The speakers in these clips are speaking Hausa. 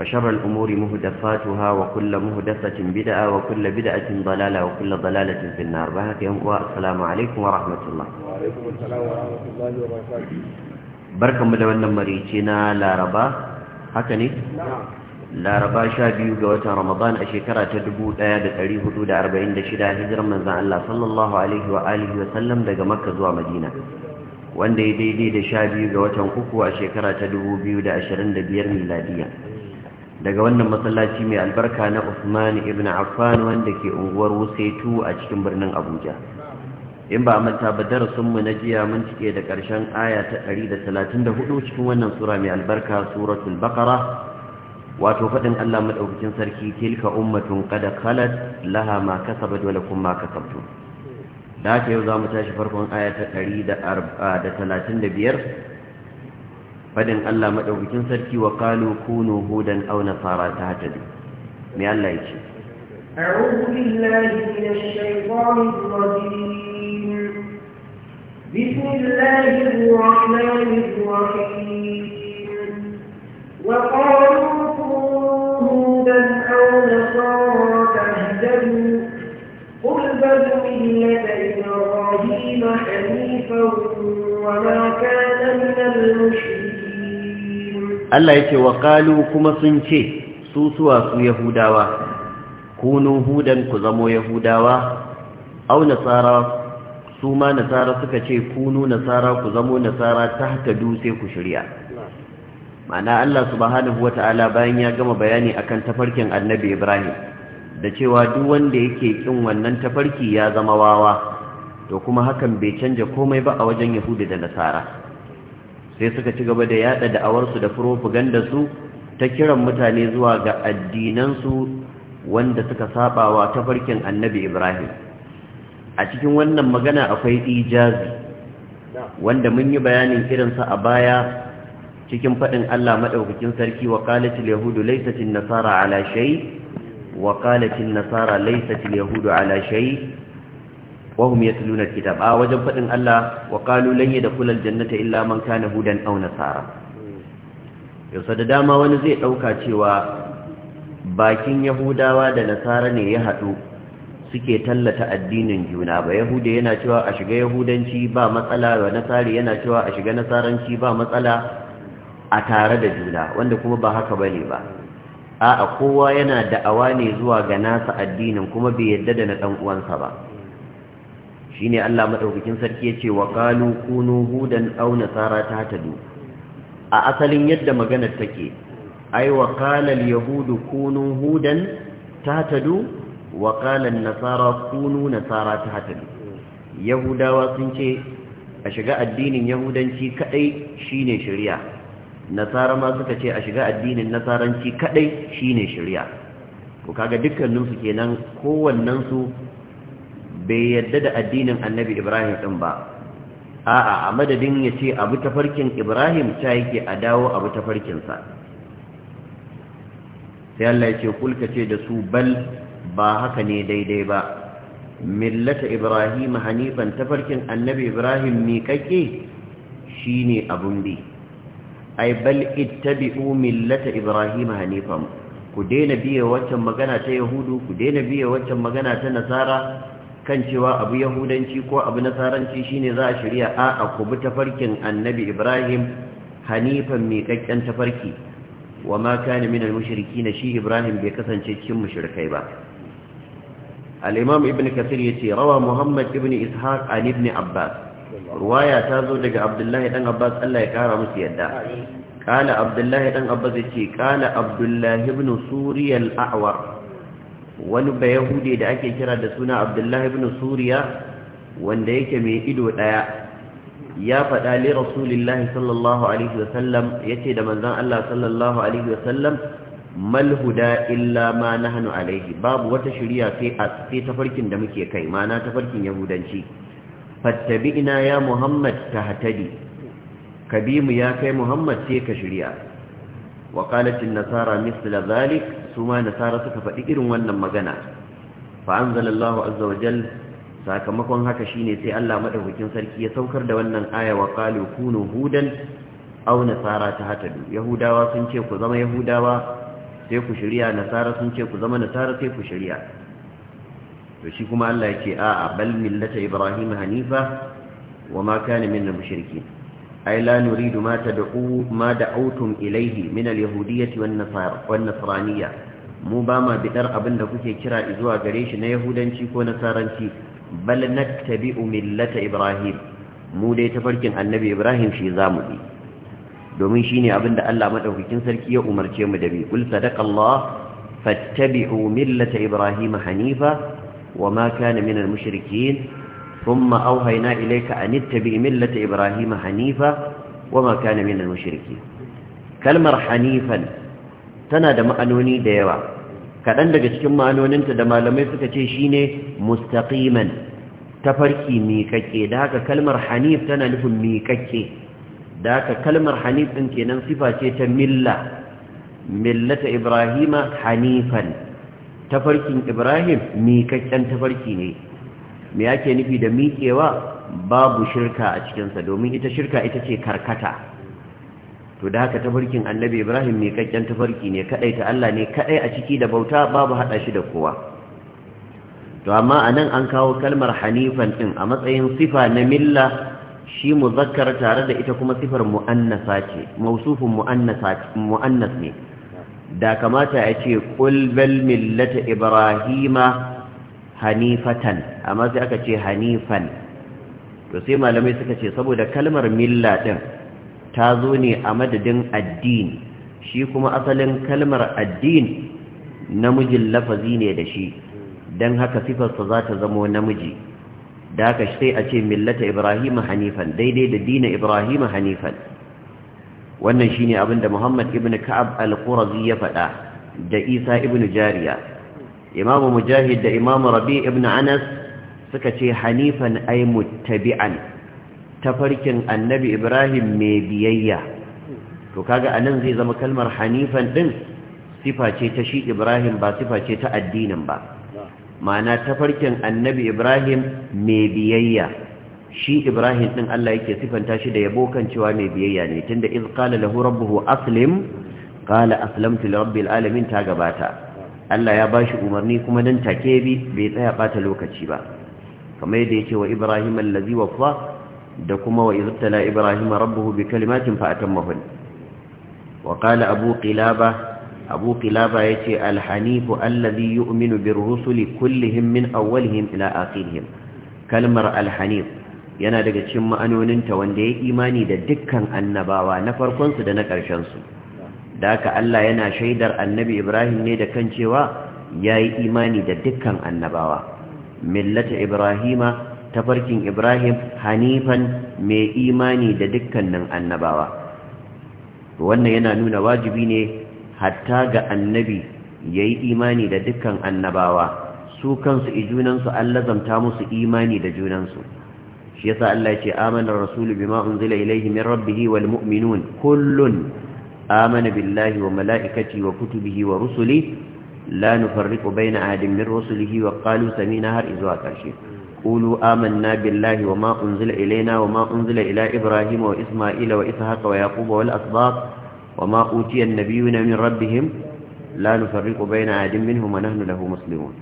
وشر الأمور مهدفاتها وكل مهدفة بدعة وكل بدعة ضلالة وكل ضلالة في النار بهاكم والسلام عليكم ورحمة الله وعليكم السلام ورحمة الله وبركاته بركم لولا مريتنا لا ربا هكني لا ربا شابي قوة رمضان أشكرا تدبو آيادة تريه دود أربعين دشدا هجرا من زعل الله صلى الله عليه وآله وسلم لقى مكة زوى مدينة وان دي دي دي دشابي قوة أكو أشكرا تدبو بيو دا أشرين دبير ميلادية daga wannan masallaci mai albarka na Usman ibn Affan wanda ke unguwar Wusaitu a cikin birnin Abuja in ba manta ba darasin mu na jiya mun cike da ƙarshen aya ta 134 cikin wannan sura mai albarka suratul baqara wato fadin Allah madaukakin sarki tilka ummatun qad khalat laha ma kasabat wa lakum ma kasabtum da ta yau zamu tashi farkon aya ta 135 fadin Allah maɗaukakin sarki wa kalu kunu hudan au nasara ta اعوذ بالله من الشيطان ce, بسم الله الرحمن الرحيم وقالوا كنودا أو نصارى تهدد قل بدوا إلا إبراهيم حنيفا وما كان من المشركين Allah ya ce wa qalu kuma sun ce su suwa su yahudawa kunu hudan ku zamo yahudawa au nasara su ma nasara suka ce kunu nasara ku zamo nasara ta haka sai ku shirya ma'ana Allah subhanahu wata'ala bayan ya gama bayani akan tafarkin annabi Ibrahim da cewa duk wanda yake kin wannan tafarki ya zama wawa to kuma hakan bai canja komai ba a wajen Yahudu da Nasara sai suka ci gaba da yada da'awarsu da propaganda su ta kiran mutane zuwa ga addinansu wanda suka sabawa ta farkin annabi ibrahim a cikin wannan magana akwai ijazi wanda mun yi bayanin irinsa a baya cikin faɗin Allah maɗaukakin sarki wa ƙalatil yahudu laisatin nasara ala shai wa nasara laisatil yahudu ala shai wahum yatluna kitaba wajen fadin Allah wa qalu lan yadkhulal jannata illa man kana hudan aw nasara yau da dama wani zai dauka cewa bakin yahudawa da nasara ne ya hadu suke tallata addinin juna ba yahuda yana cewa a shiga yahudanci ba matsala wa nasari yana cewa a shiga nasaranci ba matsala a tare da juna wanda kuma ba haka bane ba a'a kowa yana da'awa ne zuwa ga nasa addinin kuma bai yadda da na dan uwansa ba shine Allah madaukakin sarki yace wa qalu kunu hudan aw nasara ta tadu a asalin yadda maganar take ai wa qala yahudu kunu hudan tadu wa qala nasara kunu nasara ta tadu yahudawa sun ce a shiga addinin yahudanci kadai shine shari'a nasara ma suka ce a shiga addinin nasaranci kadai shine shari'a Ku kaga dukkaninsu kenan kowannen bai yadda da addinin annabi ibrahim ɗin ba a'a a madadin ya ce abu tafarkin ibrahim ta yake a dawo abu tafarkinsa sai Allah ya ce kulka ce da su bal ba haka ne daidai ba millata ibrahim hanifan tafarkin annabi ibrahim miƙaƙe shi ne abun bi ai bal ittabi'u millata ibrahim hanifan ku daina biya waccan magana ta yahudu ku daina biya waccan magana ta nasara kan cewa abu yahudanci ko abu nasaranci shine za a shirya a'a ku bi tafarkin annabi ibrahim hanifan miƙaƙƙen tafarki wa ma kana min al na shi ibrahim bai kasance cikin mushrikai ba al-imam ibn kasir yace rawa muhammad ibn ishaq an ibn abbas ruwaya ta zo daga abdullahi dan abbas Allah ya kara musu yadda kala abdullahi dan abbas yace kala abdullahi ibn suriya awar wani bayahude da ake kira da suna abdullahi ibn suriya wanda yake mai ido daya ya faɗa li rasulillahi sallallahu alaihi wasallam yace da manzon Allah sallallahu alaihi wasallam mal huda illa ma nahnu alaihi babu wata shari'a sai a sai tafarkin da muke kai mana tafarkin yahudanci fattabi'na ya muhammad tahtadi kabimu ya kai muhammad sai ka shari'a wa qalat an-nasara mithla dhalik su ma nasara suka faɗi irin wannan magana fa anzalallahu azza wa jal sakamakon haka shine sai Allah madaukakin sarki ya saukar da wannan aya wa hudan au nasara ta hatadu yahudawa sun ce ku zama yahudawa sai ku shirya nasara sun ce ku zama nasara sai ku shirya to shi kuma Allah ya ce a'a bal millata ibrahim hanifa wa ma kana minal mushrikin أي لا نريد ما تدعو ما دعوتم إليه من اليهودية والنصار والنصرانية mu ba ma bidar abin da kuke kira zuwa gare shi na yahudanci ko nasaranci bal nattabi'u millata ibrahim mu dai tafarkin annabi ibrahim shi zamu bi domin shine abin da Allah madaukakin sarki ya umarce mu da bi kul sadaqallah fattabi'u millata ibrahim hanifa maka kana minal mushrikin. ثم أوهينا إليك أن اتبع ملة إبراهيم حنيفا وما كان من المشركين كلمة حنيفا تنادى مأنوني ديوا كأن لك تكون مأنوني انت دما لم يفك تشيني مستقيما تفركي ميككي دهك كلمة حنيف تنالف ميككي دهك كلمة حنيف انك ننصفة تملة ملة إبراهيم حنيفا تفركي إبراهيم ميككي تفركي نيه me yake nufi da miƙewa babu shirka a cikinsa domin ita shirka ita ce karkata to da haka tafarkin annabi ibrahim mai kakken tafarki ne kadai ta Allah ne kadai a ciki da bauta babu hada shi da kowa to amma anan an kawo kalmar hanifan din a matsayin sifa na milla shi muzakkar tare da ita kuma sifar muannasa ce mausufun muannasa muannas ne da kamata ya ce qul millata ibrahima hanifatan amma sai aka ce hanifan to sai malamai suka ce saboda kalmar milla din ta zo ne a madadin addini shi kuma asalin kalmar addini namijin lafazi ne da shi don haka sifarsa za ta zamo namiji da haka sai a ce millata ibrahim hanifan daidai da dina ibrahim hanifan wannan shine abin da muhammad ibn ka'ab al-qurazi ya faɗa da isa ibn jariya imamu mujahid da imamu rabi ibn anas suka ce hanifan ai muttabi'an tafarkin annabi ibrahim me biyayya to kaga anan zai zama kalmar hanifan din sifa ce ta shi ibrahim ba sifa ce ta addinin ba ma'ana tafarkin annabi ibrahim me biyayya shi ibrahim din Allah yake sifanta shi da yabo kan cewa mai biyayya ne tunda iz qala lahu rabbuhu aslim qala aslamtu li rabbil alamin ta gabata Allah ya bashi umarni kuma dan take bi bai tsaya bata lokaci ba kamar yadda yake wa Ibrahim allazi wafa da kuma wa iztala Ibrahim rabbuhu bi kalimatin fa atammahun wa qala Abu Qilaba Abu Qilaba yace al-hanif allazi yu'minu bir rusuli kullihim min awwalihim ila akhirihim kalmar al-hanif yana daga cikin ma'anoninta wanda ya imani da dukkan annabawa na farkonsu da na ƙarshensu su da haka Allah yana shaidar annabi Ibrahim ne da kan cewa ya yi imani da dukkan annabawa millata Ibrahima ta farkin Ibrahim hanifan mai imani da dukkanin annabawa wannan yana nuna wajibi ne hatta ga annabi ya yi imani da dukkan annabawa su kansu ijunansu an lazamta musu imani da junansu shi yasa Allah ya ce amanar rasulu bima unzila ilaihi min rabbihi wal mu'minun kullun آمن بالله وملائكته وكتبه ورسله لا نفرق بين أحد من رسله وقالوا سمينا هر إذوا كرشي قولوا آمنا بالله وما أنزل إلينا وما أنزل إلى إبراهيم وإسماعيل وإسحاق ويعقوب والأسباط وما أوتي النبيون من ربهم لا نفرق بين أحد منهم ونحن له مسلمون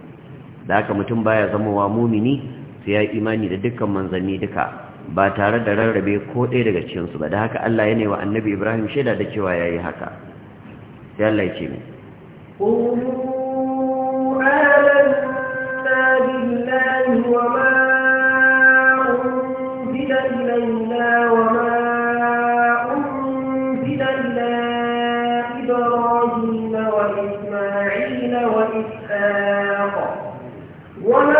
ذاك متن بايا زموا مؤمني سيا إيماني لدكا منزلني دكا ba tare da rarrabe ko ɗaya daga cikinsu ba da haka Allah ya wa annabi Ibrahim shaida da cewa ya yi haka sai Allah ya ce mai وما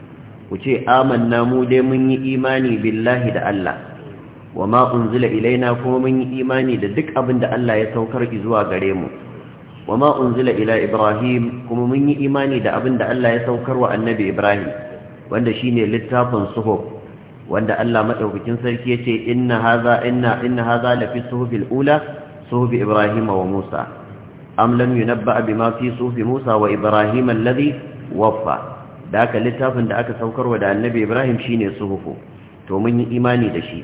ku ce amanna mu dai mun yi imani billahi da Allah wa ma unzila ilaina kuma mun yi imani da duk abin da Allah ya saukar zuwa gare mu wa ma unzila ila ibrahim kuma mun yi imani da abin da Allah ya saukar wa annabi ibrahim wanda shine littafin suhuf wanda Allah madaukakin sarki yace inna hadha inna inna hadha la fi suhufil ula suhuf ibrahim wa musa am lam yunabba bima fi suhuf musa wa ibrahim alladhi waffa da aka littafin da aka saukar wa da annabi ibrahim shine suhufu to mun yi imani da shi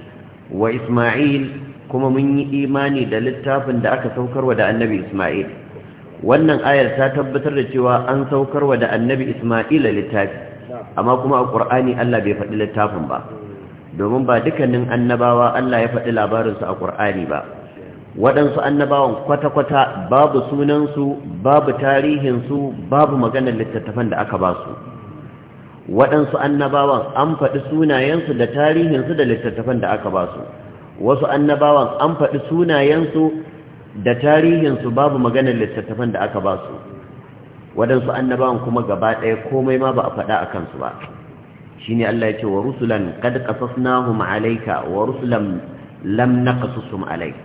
wa isma'il kuma mun yi imani da littafin da aka saukar wa da annabi isma'il wannan ayar ta tabbatar da cewa an saukar wa da annabi isma'il littafi amma kuma a ƙur'ani allah bai faɗi littafin ba domin ba dukkanin annabawa allah ya faɗi labarinsu a ƙur'ani ba waɗansu annabawan kwata-kwata babu sunansu babu tarihinsu babu maganar littattafan da aka ba su waɗansu annabawan an faɗi sunayensu da tarihinsu da littattafan da aka ba su wasu annabawan an faɗi sunayensu da tarihinsu babu maganar littattafan da aka ba su waɗansu annabawan kuma gaba ɗaya komai ma ba a faɗa a kansu ba shi ne Allah ya ce wa rusulan kad qasasnahum alayka wa rusulan lam naqsusum alayka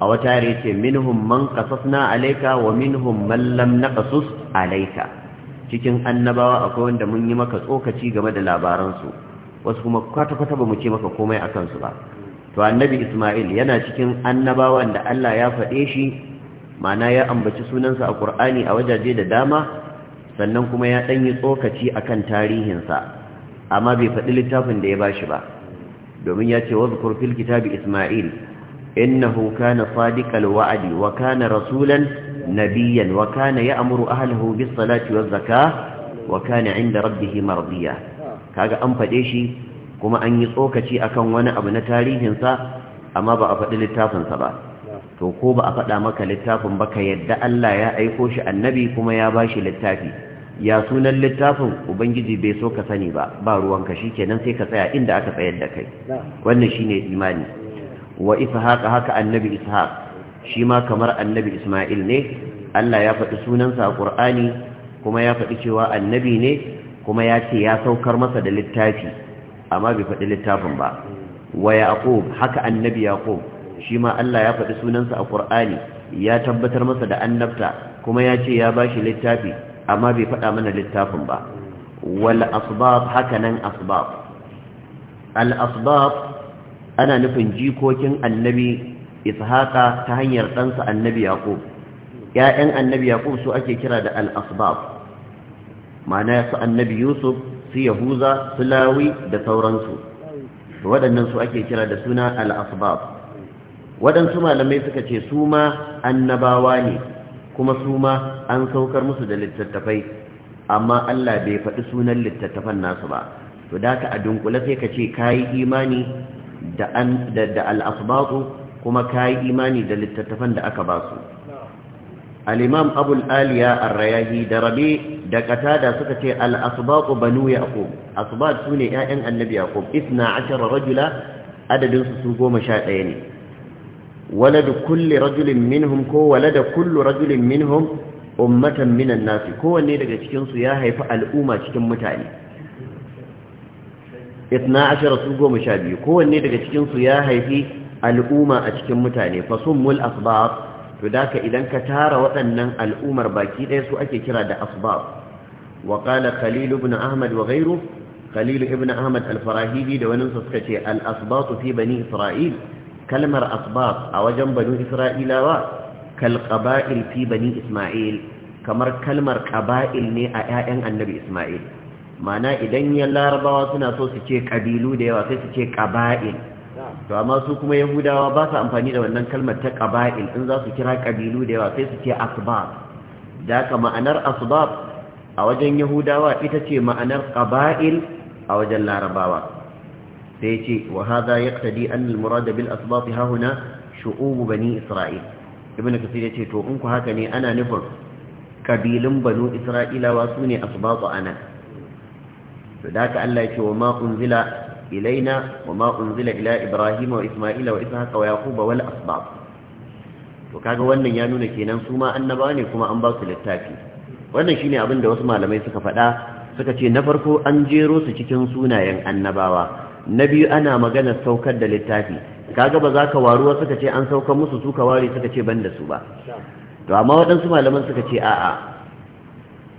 a wata yare ce minhum man qasasna alayka wa minhum man lam naqsus alayka cikin annabawa akwai wanda mun yi maka tsokaci game da labaransu wasu kuma kwata-kwata ba mu ce maka komai a kansu ba to annabi isma'il yana cikin annabawan da Allah ya faɗe shi ma'ana ya ambaci sunansa a ƙur'ani a wajaje da dama sannan kuma ya ɗan yi tsokaci a kan tarihinsa amma bai faɗi littafin da ya ba shi ba domin ya ce wasu kurfil kitabi isma'il innahu kana sadiqal wa'adi wa kana rasulan Wakana نبيا وكان يأمر أهله بالصلاة والزكاة وكان عند Ka ga an faɗe shi kuma an yi tsokaci akan wani abu na tarihinsa? amma ba a faɗi littafin sa ba to ko ba a faɗa maka littafin ba ka yadda Allah ya aiko shi annabi kuma ya ba shi littafi ya sunan littafin ubangiji bai so ka sani ba ba ruwan ka shikenan sai ka tsaya inda aka tsayar da kai wannan shine imani wa ishaq haka annabi ishaq shi ma kamar annabi Ismail ne Allah ya faɗi sunansa a ƙur'ani, kuma ya faɗi cewa annabi ne kuma ya ce ya saukar masa da littafi amma bai faɗi littafin ba wa yaqub haka annabi yaqub shi ma Allah ya faɗi sunansa a ƙur'ani, ya tabbatar masa da annabta kuma ya ce ya bashi littafi amma bai faɗa mana littafin ba wal asbab haka nan asbab al asbab ana nufin jikokin annabi ishaqa ta hanyar ɗansa annabi yaqub ƴaƴan annabi yaqub su ake kira da al-asbab ma'ana su annabi yusuf su yahuza su lawi da sauransu to waɗannan su ake kira da suna al-asbab waɗansu malamai suka ce su ma annabawa ne kuma su ma an saukar musu da littattafai amma Allah bai faɗi sunan littattafan nasu ba to da ka a dunkule sai ka ce kayi imani da al-asbatu kuma ka yi imani da littattafan da aka ba su al'imam abul aliya arrayahi da rabe da katada suka ce al'asubaku banu yaqub asubat su ne ‘ya'yan annabi yaqub isna ashara rajula adadinsu su goma sha ɗaya ne Wale da kulli rajulin minhum ko da kullu rajulin minhum ummatan minan nasi kowanne daga cikinsu ya haifi al'umma cikin mutane isna ashara su goma sha biyu kowanne daga cikinsu ya haifi al'umma a cikin mutane fasummul asbab to daka idan ka tara waɗannan al'ummar baki ɗaya su ake kira da asbab wa qala khalil ibn ahmad wa ghayru khalil ibn ahmad al-farahidi da wani suka ce al-asbab fi bani isra'il kalmar asbab a wajen bani isra'ilawa kal qaba'il fi bani isma'il kamar kalmar qaba'il ne a ƴaƴan annabi isma'il ma'ana idan yan larabawa suna so su ce kabilu da yawa sai su ce qaba'il to amma su kuma yahudawa ba su amfani da wannan kalmar ta ƙaba'il in za su kira ƙabilu da yawa sai su ce asbab da ka ma'anar asbab a wajen yahudawa ita ce ma'anar ƙaba'il a wajen larabawa sai ce wa hadha yaqtadi an al da bil asbab ha huna shu'ub bani isra'il ibn kasir ce to in ku haka ne ana nufin kabilun banu isra'ilawa su ne asbab anan to da ka Allah ya ce wa ma unzila إلينا وما أنزل إلى إبراهيم وإسماعيل وإسحاق ويعقوب والأسباط وكاغا wannan ya nuna kenan su ma annaba ne kuma an ba su littafi wannan shine abin da wasu malamai suka faɗa suka ce na farko an jero su cikin sunayen annabawa na biyu ana magana saukar da littafi kaga ba za ka waruwa suka ce an sauka musu su ware suka ce banda su ba to amma waɗansu malaman suka ce a'a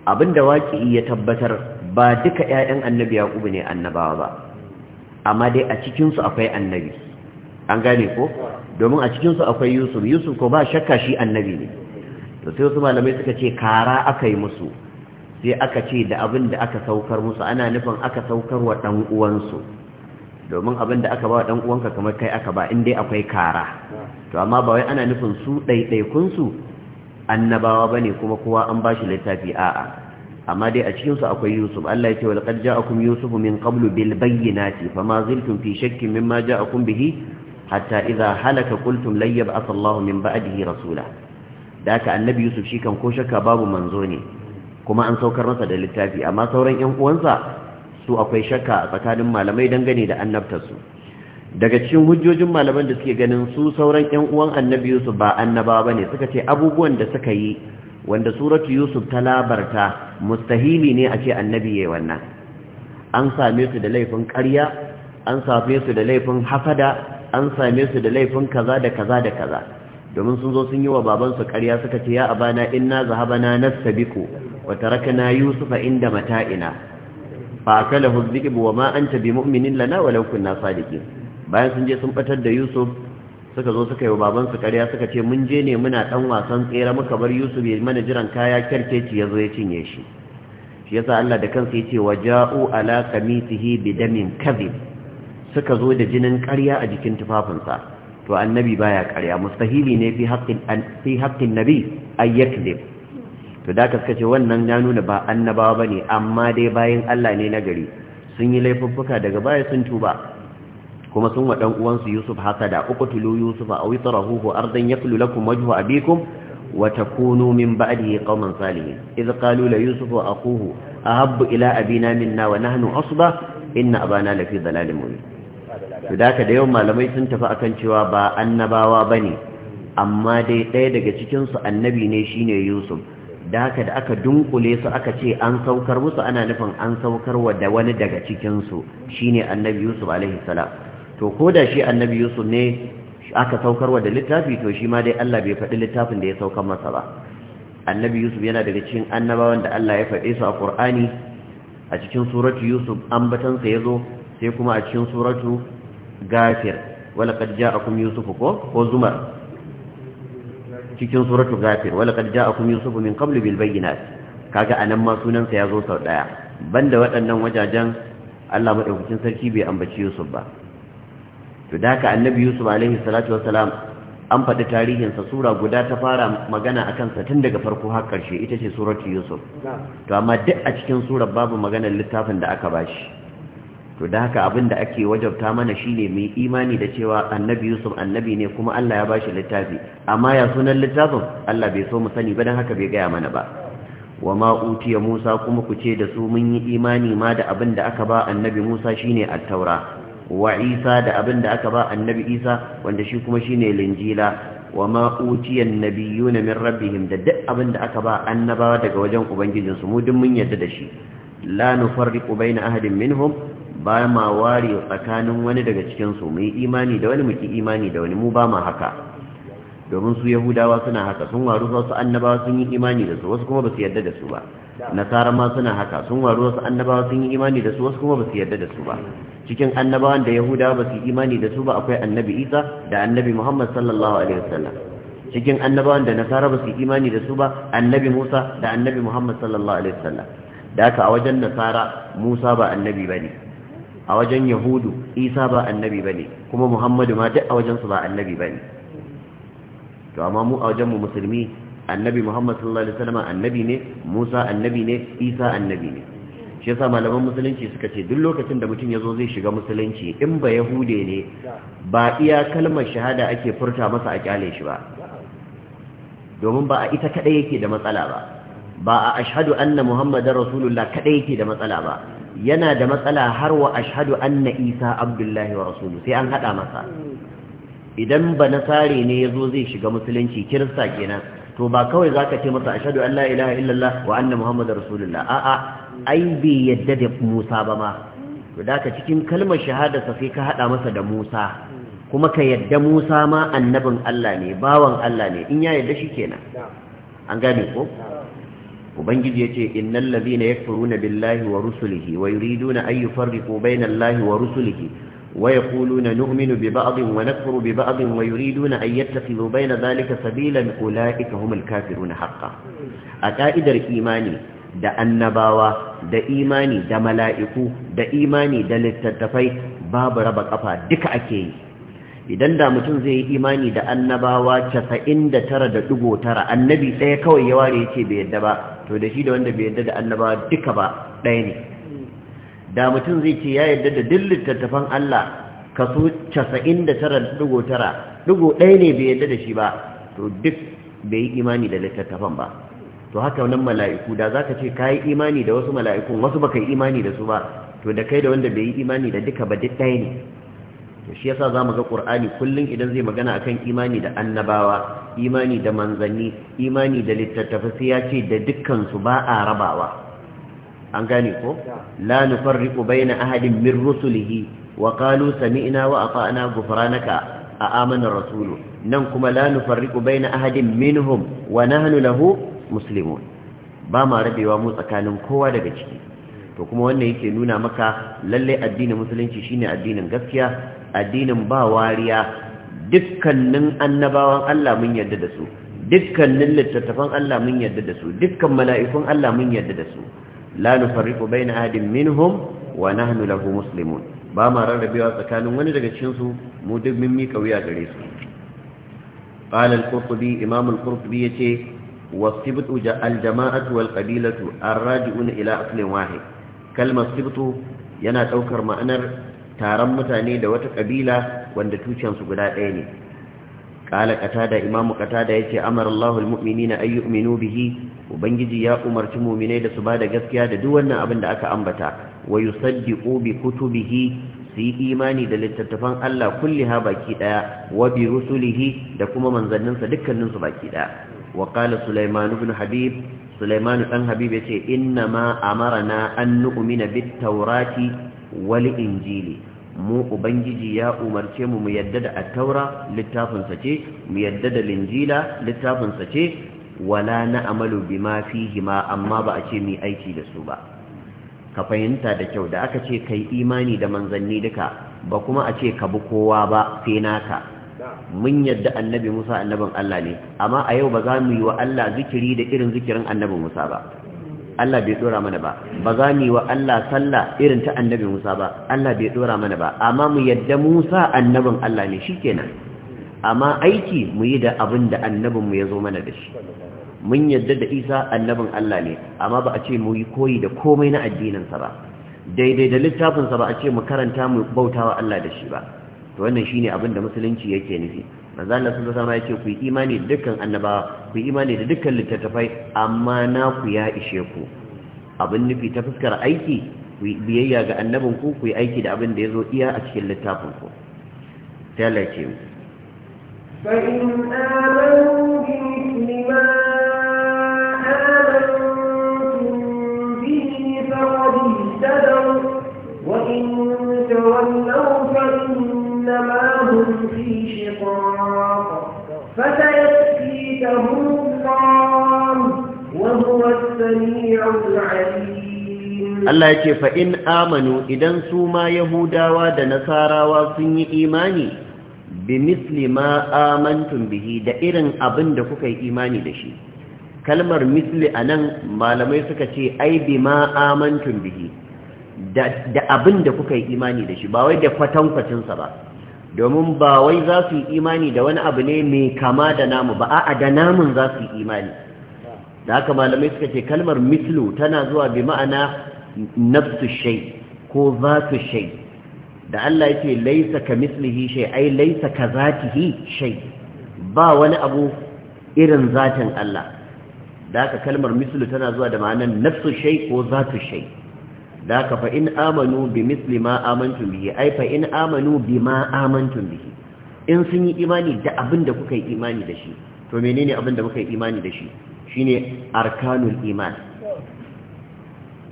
abinda waki ya tabbatar ba duka 'ya'yan annabi yaƙubu ne annabawa ba amma dai a cikinsu akwai annabi an gane ko domin a cikinsu akwai yusuf yusuf ko ba shakka shi annabi ne to sai wasu malamai suka ce kara aka yi musu sai aka ce da abin da aka saukar musu ana nufin aka saukar wa ɗan uwansu domin abin da aka ba wa ɗan uwanka kamar kai aka ba in dai akwai kara to amma ba wai ana nufin su ɗaiɗaikunsu annabawa bane kuma kowa an ba shi littafi a'a amma dai a cikinsu su akwai Yusuf Allah ya ce wa laqad ja'akum Yusufu min qablu bil bayyinati fama ziltum fi shakkin mimma ja'akum bihi hatta idza halaka qultum lan yab'ath Allahu min ba'dihi rasula da haka annabi Yusuf shi kan ko shakka babu manzo ne kuma an saukar masa da littafi amma sauran 'yan uwansa su akwai shakka a tsakanin malamai dangane da annabtarsu daga cikin hujjojin malaman da suke ganin su sauran 'yan uwan annabi Yusuf ba annabawa bane suka ce abubuwan da suka yi wanda suratu Yusuf ta labarta mustahili ne a ce annabi yayi wannan an same su da laifin ƙarya an same su da laifin hasada an same su da laifin kaza da kaza da kaza domin sun zo sun yi wa babansu ƙarya suka ce ya abana inna zahabana nastabiqu wa tarakna yusufa inda mata'ina fa kala dhibu wa ma anta bimu'minin lana walau kunna sadiqin bayan sun je sun batar da yusuf suka zo suka yi wa babansu ƙarya suka ce mun je ne muna ɗan wasan tsere muka bar yusuf ya mana jiran kaya kyarkeci ya zo ya cinye shi shi yasa Allah da kansa ya ce wa ja'u ala qamisihi bi kadhib suka zo da jinin ƙarya a jikin tufafinsa to annabi baya ƙarya mustahili ne fi haqqin fi haqqin nabi ay yakdhib to da suka ce wannan ya nuna ba annabawa bane amma dai bayin Allah ne nagari sun yi laifuffuka daga baya sun tuba kuma sun wa dan uwansu Yusuf hasada uqtulu Yusuf aw itarahu ardan yaklu lakum wajhu abikum wata takunu min ba'dihi qauman salihin idh qalu la Yusuf wa a ahabbu ila abina minna wa nahnu asba inna abana lafi dhalalin mubin to da da yawan malamai sun tafi akan cewa ba annabawa bane amma dai ɗaya daga cikinsu annabi ne shine Yusuf da haka da aka dunkule su aka ce an saukar musu ana nufin an saukar wa da wani daga cikinsu shine annabi yusuf alaihi salam to ko da shi annabi yusuf ne aka saukar wa da littafi to shi ma dai Allah bai faɗi littafin da ya saukar masa ba annabi yusuf yana daga cikin annabawan da Allah ya faɗe su a Kur'ani, a cikin suratu yusuf ambatansa ya zo sai kuma a cikin suratu gafir walaƙad ja'akum yusuf ko ko zumar cikin suratu gafir a ja'akum yusuf min kablu bil bayyinat kaga anan ma sunansa ya zo sau ɗaya. banda waɗannan wajajen Allah madaukakin sarki bai ambaci yusuf ba to da haka annabi yusuf alaihi salatu wassalam an faɗi tarihinsa sura guda ta fara magana a kansa tun daga farko har ƙarshe ita ce suratu yusuf to amma duk a cikin surar babu maganar littafin da aka bashi to da haka abin da ake wajabta mana shine mai imani da cewa annabi yusuf annabi ne kuma allah ya bashi littafi amma ya sunan littafin allah bai so mu sani ba don haka bai gaya mana ba wa ma utiya musa kuma ku ce da su mun yi imani ma da abin da aka ba annabi musa shine at-taura wa isa da abin da aka ba annabi isa wanda shi kuma shine linjila wa ma utiyan nabiyuna min rabbihim da duk abin da aka ba annabawa daga wajen ubangijinsu mu duk mun yarda da shi la nufarriqu na ahadin minhum ba ma ware tsakanin wani daga cikin su yi imani da wani muke imani da wani mu ba ma haka domin su yahudawa suna haka sun waru wasu annabawa sun yi imani da su wasu kuma ba su yarda da su ba nasara ma suna haka sun waru wasu annabawa sun yi imani da su wasu kuma ba su yarda da su ba cikin annabawan da yahudawa ba su yi imani da su ba akwai annabi isa da annabi muhammad sallallahu alaihi wasallam cikin annabawan da nasara ba su yi imani da su ba annabi musa da annabi muhammad sallallahu alaihi wasallam da haka a wajen nasara musa ba annabi bane a wajen yahudu isa ba annabi bane kuma muhammadu ma duk a wajen su ba annabi bane to amma mu a wajen mu musulmi annabi muhammad sallallahu alaihi wasallam annabi ne musa annabi ne isa annabi ne shi yasa malaman musulunci suka ce duk lokacin da mutum yazo zai shiga musulunci in ba yahude ne ba iya kalmar shahada ake furta masa a kyale shi ba domin ba a ita kadai yake da matsala ba ba a ashhadu anna muhammadar rasulullah kadai yake da matsala ba yana da matsala har wa ashhadu anna isa abdullahi wa rasuluhu sai an hada masa idan ba nasare ne yazo zai shiga musulunci kirista kenan to ba kawai za ka ce masa ashadu an la ilaha illallah wa anna muhammadar rasulullah a'a ai bai yadda da musa ba ma to da ka cikin kalmar shahadarsa sai ka haɗa masa da musa kuma ka yadda musa ma annabin allah ne bawan allah ne in ya yadda shi kenan an gane ko ubangiji ya ce innal ladhina yakfuruna billahi wa rusulihi wa yuriduna an yufarriqu baina wa rusulihi ويقولون نؤمن ببعض ونكفر ببعض ويريدون أن يتخذوا بين ذلك سبيلا أولئك هم الكافرون حقا أكائد الإيمان da annabawa da imani da mala'iku da imani da littattafai babu raba kafa duka ake yi idan da mutum zai yi imani da annabawa tara, annabi ɗaya kawai ya ware yake bai yadda ba to da shi da wanda bai yadda da annabawa duka ba ɗaya ne da mutum zai ce ya yarda da duk littattafan Allah kaso 99.9 ɗigo ɗaya ne bai yarda da shi ba to duk bai yi imani da littattafan ba to haka nan mala'iku da za ka ce ka yi imani da wasu mala'ikun wasu baka yi imani da su ba to da kai da wanda bai yi imani da duka ba duk ɗaya ne to shi yasa mu ga ƙur'ani kullum idan zai magana a kan imani da annabawa imani da manzanni imani da littattafai sai ya ce da dukkansu ba a rabawa an gane ko la nufarriqu baina ahadin min rusulihi wa qalu sami'na wa ata'na ghufranaka a amana rasulu nan kuma la nufarriqu baina ahadin minhum wa nahnu lahu muslimun ba ma rabewa mu tsakanin kowa daga ciki to kuma wannan yake nuna maka lalle addinin musulunci shine addinin gaskiya addinin ba wariya dukkanin annabawan Allah mun yarda da su dukkanin littattafan Allah mun yarda da su dukkan mala'ikun Allah mun yarda da su la nufarriqu baina ahadin minhum wa nahnu lahu muslimun ba ma rarrabewa tsakanin wani daga cikin su mu duk mun mika wuya gare su qala al-qurtubi imam al-qurtubi yace والسبت الجماعة والقبيلة الراجعون ila أصل واحد كلمة سبت yana ɗaukar ma'anar taron mutane da wata ƙabila wanda tushensu guda ɗaya ne ƙala ƙatada imamu ƙatada ya ce amara allahul mu'mini na ayyu'minu bihi ubangiji ya umarci muminai da su ba da gaskiya da duk wannan abin da aka ambata wa yusaddiqu bi kutubihi suyi imani da littattafan Allah kulliha baki daya wa bi rusulihi da kuma manzanninsa dukkaninsu baki daya wa qala sulaiman ibn habib sulaiman dan habib yace inna ma amarna an nu'mina bit tawrati wal injili mu ubangiji ya umarce mu mu yadda da at-taura littafinsa ce mu yadda da linjila littafinsa ce wala na amalu bima fihi ma amma ba a ce mai aiki da su ba ka fahimta da kyau da aka ce kai imani da manzanni duka ba kuma a ce ka bi kowa ba sai naka mun yadda annabi Musa annabin Allah ne amma a yau ba za mu yi wa Allah zikiri da irin zikirin annabi Musa ba Allah bai dora mana ba ba za mu yi wa Allah sallah irin ta annabi Musa ba Allah bai dora mana ba amma mu yadda Musa annabin Allah ne shikenan amma aiki mu yi da abin da annabin ya zo mana da shi mun yadda da isa annabin Allah ne amma ba a ce mu yi koyi da komai na addininsa ba daidai da littafinsa ba a ce mu karanta mu bautawa Allah da shi ba to wannan shine abin da musulunci yake nufi manzo Allah sun sama yake ku yi imani da dukkan annabawa ku yi imani da dukkan littattafai amma na ku ya ishe ku abin nufi ta fuskar aiki ku biyayya ga annabin ku ku yi aiki da abin da ya zo iya a cikin littafin ku sai Allah ya ce فإن آمنوا بمثل ما اهتدوا وإن تولوا فإنما هم في شقاق فسيكفيكهم الله وهو السميع العليم Allah ya ce fa'in amanu idan su ma Yahudawa da Nasarawa sun yi imani bi misli ma amantum bihi da irin abin da kuka yi imani da shi kalmar misli anan, malamai suka ce ai bi ma amantum bihi da abin da kuka yi imani da shi ba wai da kwatankwacinsa ba domin ba wai za su yi imani da wani abu ne mai kama da namu ba a da namun za su yi imani da haka malamai suka ce kalmar mislu tana zuwa bi ma'ana nafsu shay ko su shay da Allah yake laisa ka mislihi shay ai laisa ka zatihi shai. ba wani abu irin zatin Allah da haka kalmar mislu tana zuwa da ma'anar nafsu shay ko zatu shay da ka fa in amanu bi misli ma amantum bihi ai fa in amanu bi ma amantum bihi in sun yi imani da abin da kuka yi imani da shi to menene abin da kuka yi imani da shi shine arkanul iman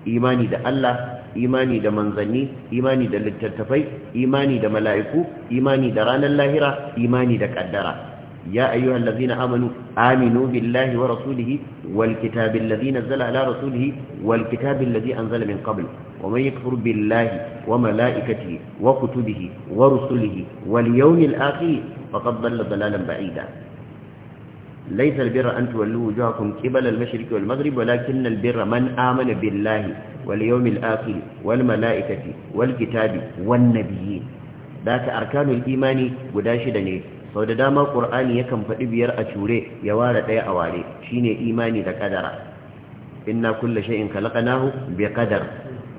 imani da Allah imani da manzanni imani da littattafai imani da mala'iku imani da ranar lahira imani da kaddara يا أيها الذين آمنوا آمنوا بالله ورسوله والكتاب الذي نزل على رسوله والكتاب الذي أنزل من قبل ومن يكفر بالله وملائكته وكتبه ورسله واليوم الآخر فقد ضل ضلالا بعيدا ليس البر أن تولوا وجوهكم قبل المشرق والمغرب ولكن البر من آمن بالله واليوم الآخر والملائكة والكتاب والنبيين ذات أركان الإيمان قداشد نيه sau da dama ƙur'ani yakan faɗi biyar a cure ya ware ɗaya a ware shi ne imani da ƙadara inna kulla shay'in nahu bi ƙadar.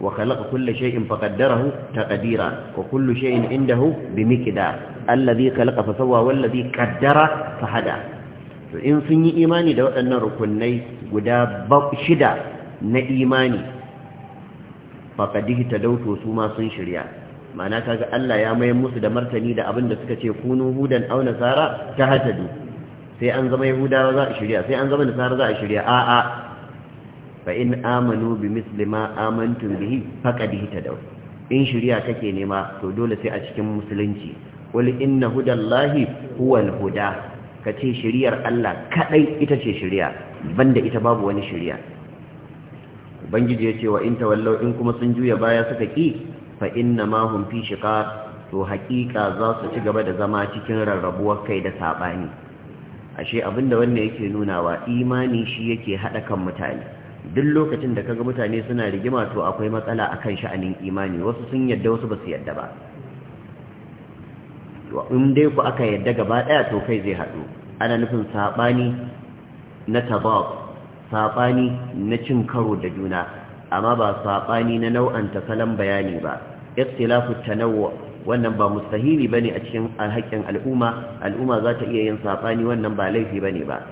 wa khalaqa kulla shay'in faqaddarahu taqdira wa kullu shay'in indahu bi miqdar alladhi khalaqa fa sawwa wallazi qaddara fa hada to in sun yi imani da waɗannan rukunai guda shida na imani ta dauto su ma sun shirya ma'ana kaga Allah ya mayar musu da martani da abin da suka ce kunu hudan aw nasara ta hatadu sai an zama yahudawa za a shirya sai an zama nasara za a shirya a a fa in amanu bi misli ma amantum bihi faqad in shirya kake nema to dole sai a cikin musulunci qul inna hudallahi huwal huda kace shiriyar Allah kadai ita ce shiriya banda ita babu wani shiriya ubangiji ya ce wa in tawallau in kuma sun juya baya suka ki fa inna ma hum fi shiqaq to haƙiƙa za su ci gaba da zama cikin rarrabuwar kai da saɓani. ashe abinda wannan yake nunawa imani shi yake haɗa kan mutane duk lokacin da kaga mutane suna rigima to akwai matsala akan sha'anin imani wasu sun yadda wasu ba su yadda ba in dai ku aka yadda gaba daya to kai zai haɗu. ana nufin sabani na tabaq sabani na cin karo da juna amma ba sabani na nau'anta salon bayani ba ikhtilafu tanawwu wannan ba mustahili bane a cikin alhakin al'umma al'umma za ta iya yin sabani wannan ba laifi bane ba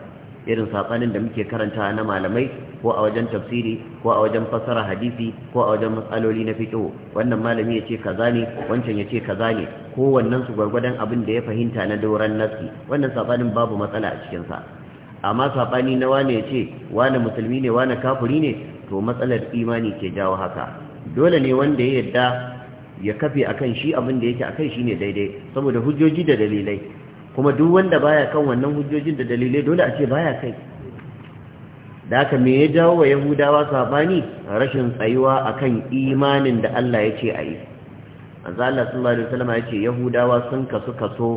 irin sabanin da muke karanta na malamai ko a wajen tafsiri ko a wajen fasara hadisi ko a wajen matsaloli na fiqh wannan malami yace kaza ne wancan yace kaza ne ko wannan su gurgurdan abin da ya fahimta na doran nasi wannan sabanin babu matsala a cikin sa amma sabani na wane yace wane musulmi ne wane kafiri ne to matsalar imani ke jawo haka dole ne wanda ya yadda ya kafe a kan shi abin da yake shi ne daidai saboda hujjoji da dalilai kuma duk wanda baya kan wannan hujjojin da dalilai dole a ce baya kai da aka me ya jawo wa yahudawa sabani rashin tsayuwa akan imanin da Allah ya ce a yi manzo Allah sallallahu alaihi wasallam ya ce yahudawa sun kasu kaso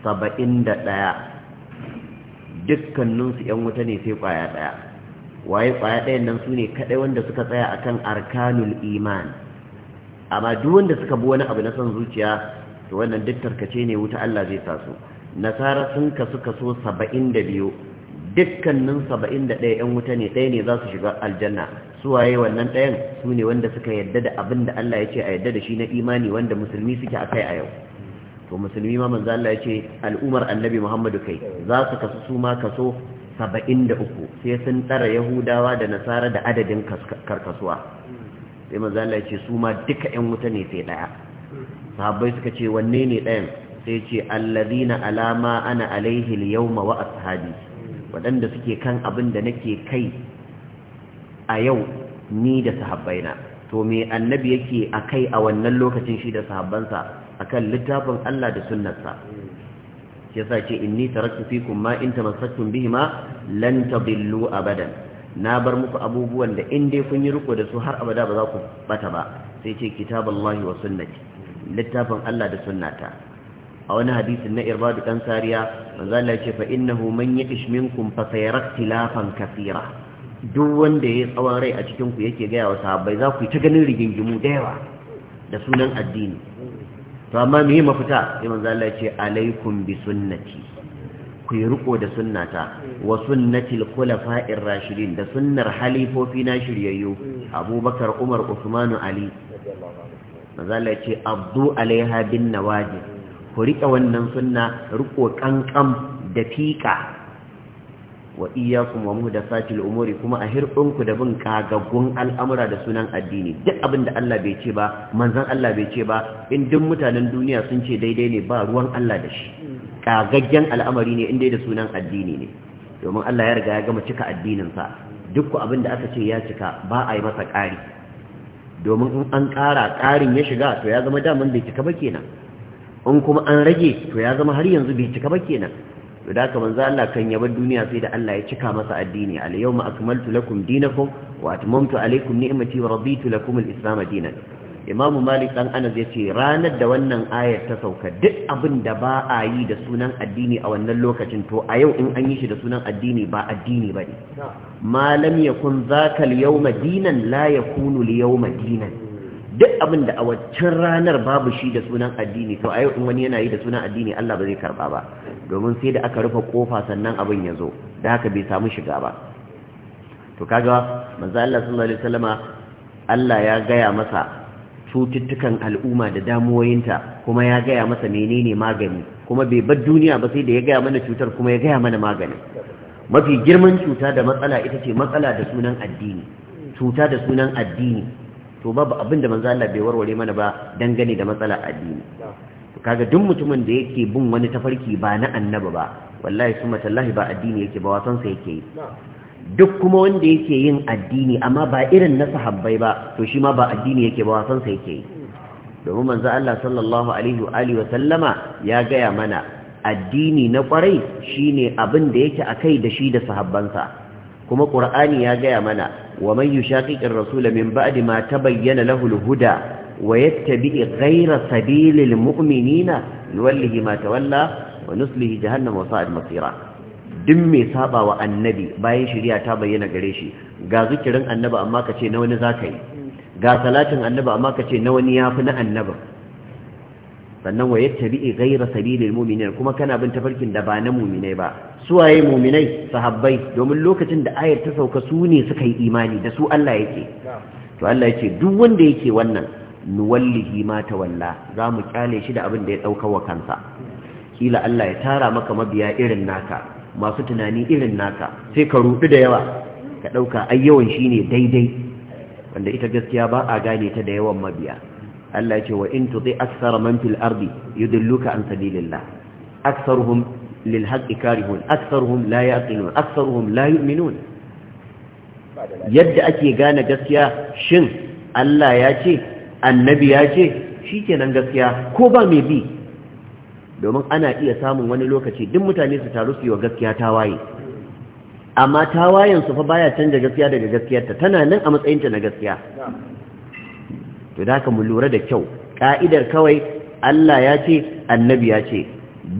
71 dukkaninsu ‘yan wuta ne sai kwaya ɗaya waye kwaya ɗayan nan sune ne kaɗai wanda suka tsaya akan arkanul iman amma duk wanda suka bi wani abu na son zuciya to wannan duk tarkace ne wuta Allah zai sa su nasara sun kasu kaso 72 dukkanin 71 yan wuta ne ɗaya ne za su shiga aljanna su waye wannan ɗayan su ne wanda suka yadda da abin da Allah ya ce a yadda da shi na imani wanda musulmi suke a kai a yau to musulmi ma manzo Allah ya ce al'umar annabi Muhammadu kai za su kasu su ma kaso 73 sai sun tsara yahudawa da nasara da adadin karkasuwa sai manzo Allah ce su ma duka 'yan wuta ne sai ɗaya. sahabbai suka ce wanne ne ɗayan sai ce allazina alama ana alaihi yau wa ashabi waɗanda suke kan abin da nake kai a yau ni da sahabbaina to me annabi yake a kai a wannan lokacin shi da sahabbansa akan littafin Allah da sunnarsa shi yasa ce inni taraktu kuma, ma in tamassaktum bihima lan tadillu abadan na bar muku abubuwan da in dai kun yi riko da su har abada ba za ku bata ba sai ce kitaballahi wa sunnati littafin Allah da sunnata a wani hadisin na irbadu dan sariya manzo Allah ce fa innahu man yatish minkum fa sayara tilafan kaseera duk wanda ya tsawon rai a cikin ku yake ga yawa sahabbai za ku yi ta ganin rigingimu da yawa da sunan addini to amma me mafita sai manzo Allah ce alaikum bi sunnati ku yi riko da sunnata wa sunnatil khulafa'ir rashidin da sunnar halifofi na shiryayyu abubakar umar usman ali mazala ce abdu alaiha bin nawajib ku rika wannan sunna riko kankan da fika wa iyyakum wa muhdathatil umuri kuma a ku da bin kagaggun al'amura da sunan addini duk abin da Allah bai ce ba manzon Allah bai ce ba in duk mutanen duniya sun ce daidai ne ba ruwan Allah da shi kagaggen al'amari ne in dai da sunan addini ne domin Allah ya riga ya gama cika addinin sa duk abin da aka ce ya cika ba a yi masa ƙari domin in an ƙara ƙarin ya shiga to ya zama daman bai cika ba kenan in kuma an rage to ya zama har yanzu bai cika ba kenan to da haka manzo Allah kan yabar duniya sai da Allah ya cika masa addini al yawma akmaltu lakum dinakum wa atmamtu alaykum ni'mati wa raditu lakum al islam dinan imam malik dan anas yace ranar da wannan ayar ta sauka duk abin da ba a yi da sunan addini a wannan lokacin to a yau in an yi shi da sunan addini ba addini bane ne. lam yakun zaka yawma dinan la yakunu al dinan duk abin da a waccan ranar babu shi da sunan addini to a yau in wani yana yi da sunan addini Allah ba zai karba ba domin sai da aka rufe kofa sannan abin ya zo da haka bai samu shiga ba to kaga manzo Allah sallallahu alaihi wasallama Allah ya gaya masa cututtukan al'umma da damuwoyinta kuma ya gaya masa menene magani kuma bai bar duniya ba sai da ya gaya mana cutar kuma ya gaya mana magani mafi girman cuta da matsala ita ce matsala da sunan addini cuta da sunan addini to babu abin da manzo Allah bai warware mana ba dangane da matsalar addini kaga duk mutumin da yake bin wani tafarki ba na annaba ba wallahi kuma tallahi ba addini yake ba wasansa yake yi duk kuma wanda yake yin addini amma ba irin na sahabbai ba to shi ma ba addini yake ba wasansa yake yi domin manzo Allah sallallahu alaihi wa alihi wa sallama ya gaya mana addini na kwarai shine abin da yake akai da shi da sahabbansa kuma qur'ani ya gaya mana wa man yushaqiqir rasula min ba'di ma tabayyana lahu al-huda ويتبع غير سبيل المؤمنين نوله ما تولى ونسله جهنم وصائد مصيرا دمي سابا والنبي باي شريعة تابينا قريشي غا ذكرن النبا أما كتي نون ذاكي غا صلاتن النبا أما كتي نون يافن النبا sannan wa yattabi'i ghayra sabilil mu'minin kuma kana bin tafarkin da ba na mu'minai ba waye mu'minai sahabbai domin lokacin da ayar ta sauka su ne suka yi imani da su Allah yake to Allah yake duk wanda yake wannan nuwallihi ma walla. za mu kyale shi da abin da ya ɗauka wa kansa kila Allah ya tara maka mabiya irin naka masu tunani irin naka sai ka rudu da yawa ka ɗauka ai yawan shi ne daidai wanda ita gaskiya ba a gane ta da yawan mabiya Allah ya ce wa in tuti aksara man fil ardi yudilluka an sabilillah aktsaruhum lil haqqi karihun aktsaruhum la yaqilun aktsaruhum la yu'minun yadda ake gane gaskiya shin Allah ya ce annabi ya ce shi kenan gaskiya ko ba mai bi domin ana iya samun wani lokaci duk mutane su taru su yi wa gaskiya tawaye amma tawayen su fa baya canja gaskiya daga gaskiyarta tana nan a matsayinta na gaskiya to da haka mu lura da kyau ka'idar kawai Allah ya ce annabi ya ce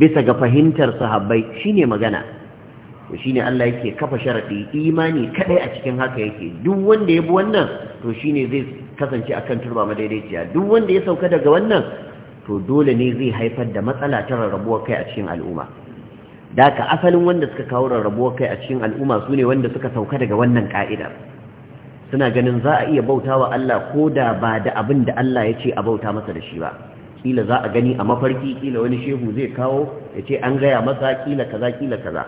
bisa ga fahimtar sahabbai shine magana to shine Allah yake kafa sharadi imani kadai a cikin haka yake duk wanda ya bi wannan to shine zai kasance akan turba madaidaiciya duk wanda ya sauka daga wannan to dole ne zai haifar da matsala ta rarrabuwar kai a cikin al'umma Daka asalin wanda suka kawo rarrabuwar kai a cikin al'umma sune wanda suka sauka daga wannan ka'idar suna ganin za a iya bautawa Allah ko da ba da abin da Allah ya ce a bauta masa da shi ba kila za a gani a mafarki kila wani shehu zai kawo ya ce an gaya masa kila kaza kila kaza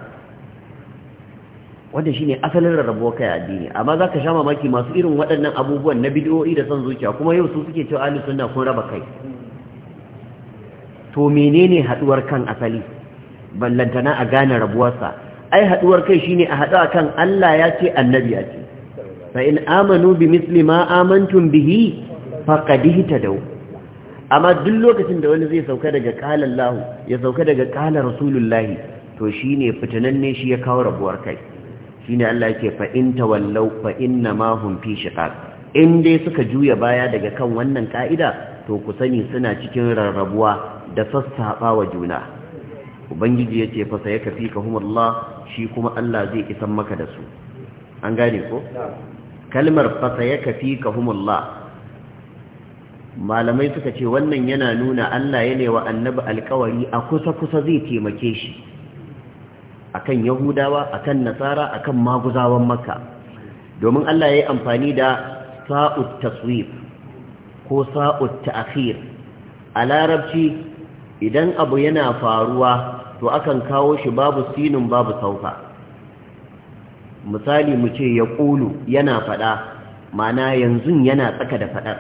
wanda shine asalin rarrabuwar kai addini amma zaka sha mamaki masu irin waɗannan abubuwan na bid'o'i da son zuciya kuma yau su suke cewa ahlus sunna kun raba kai to menene haduwar kan asali ballantana a gane rabuwarsa ai haduwar kai shine a hadu akan Allah ya ce annabi ya ce fa in amanu bi misli ma amantum bihi faqad ihtadaw amma duk lokacin da wani zai sauka daga qala Allah ya sauka daga qala rasulullahi to shine ne shi ya kawo rabuwar kai ne Allah ke fa in fa inna fi in dai suka juya baya daga kan wannan ka'ida to ku sani suna cikin rarrabuwa da sassaba wa juna ubangiji yace fa sayakfika humullah shi kuma Allah zai isan maka da su an gane ko kalmar fa sayakfika humullah malamai suka ce wannan yana nuna Allah ya wa annabi alƙawari a kusa kusa zai taimake shi akan yahudawa akan nasara akan maguzawan makka domin Allah ya yi amfani da sa'ut taswif ko sa'ut ta'khir a larabci idan abu yana faruwa to akan kawo shi babu sinin babu sauka misali mu ce ya ƙulu yana faɗa ma'ana yanzu yana tsaka da faɗar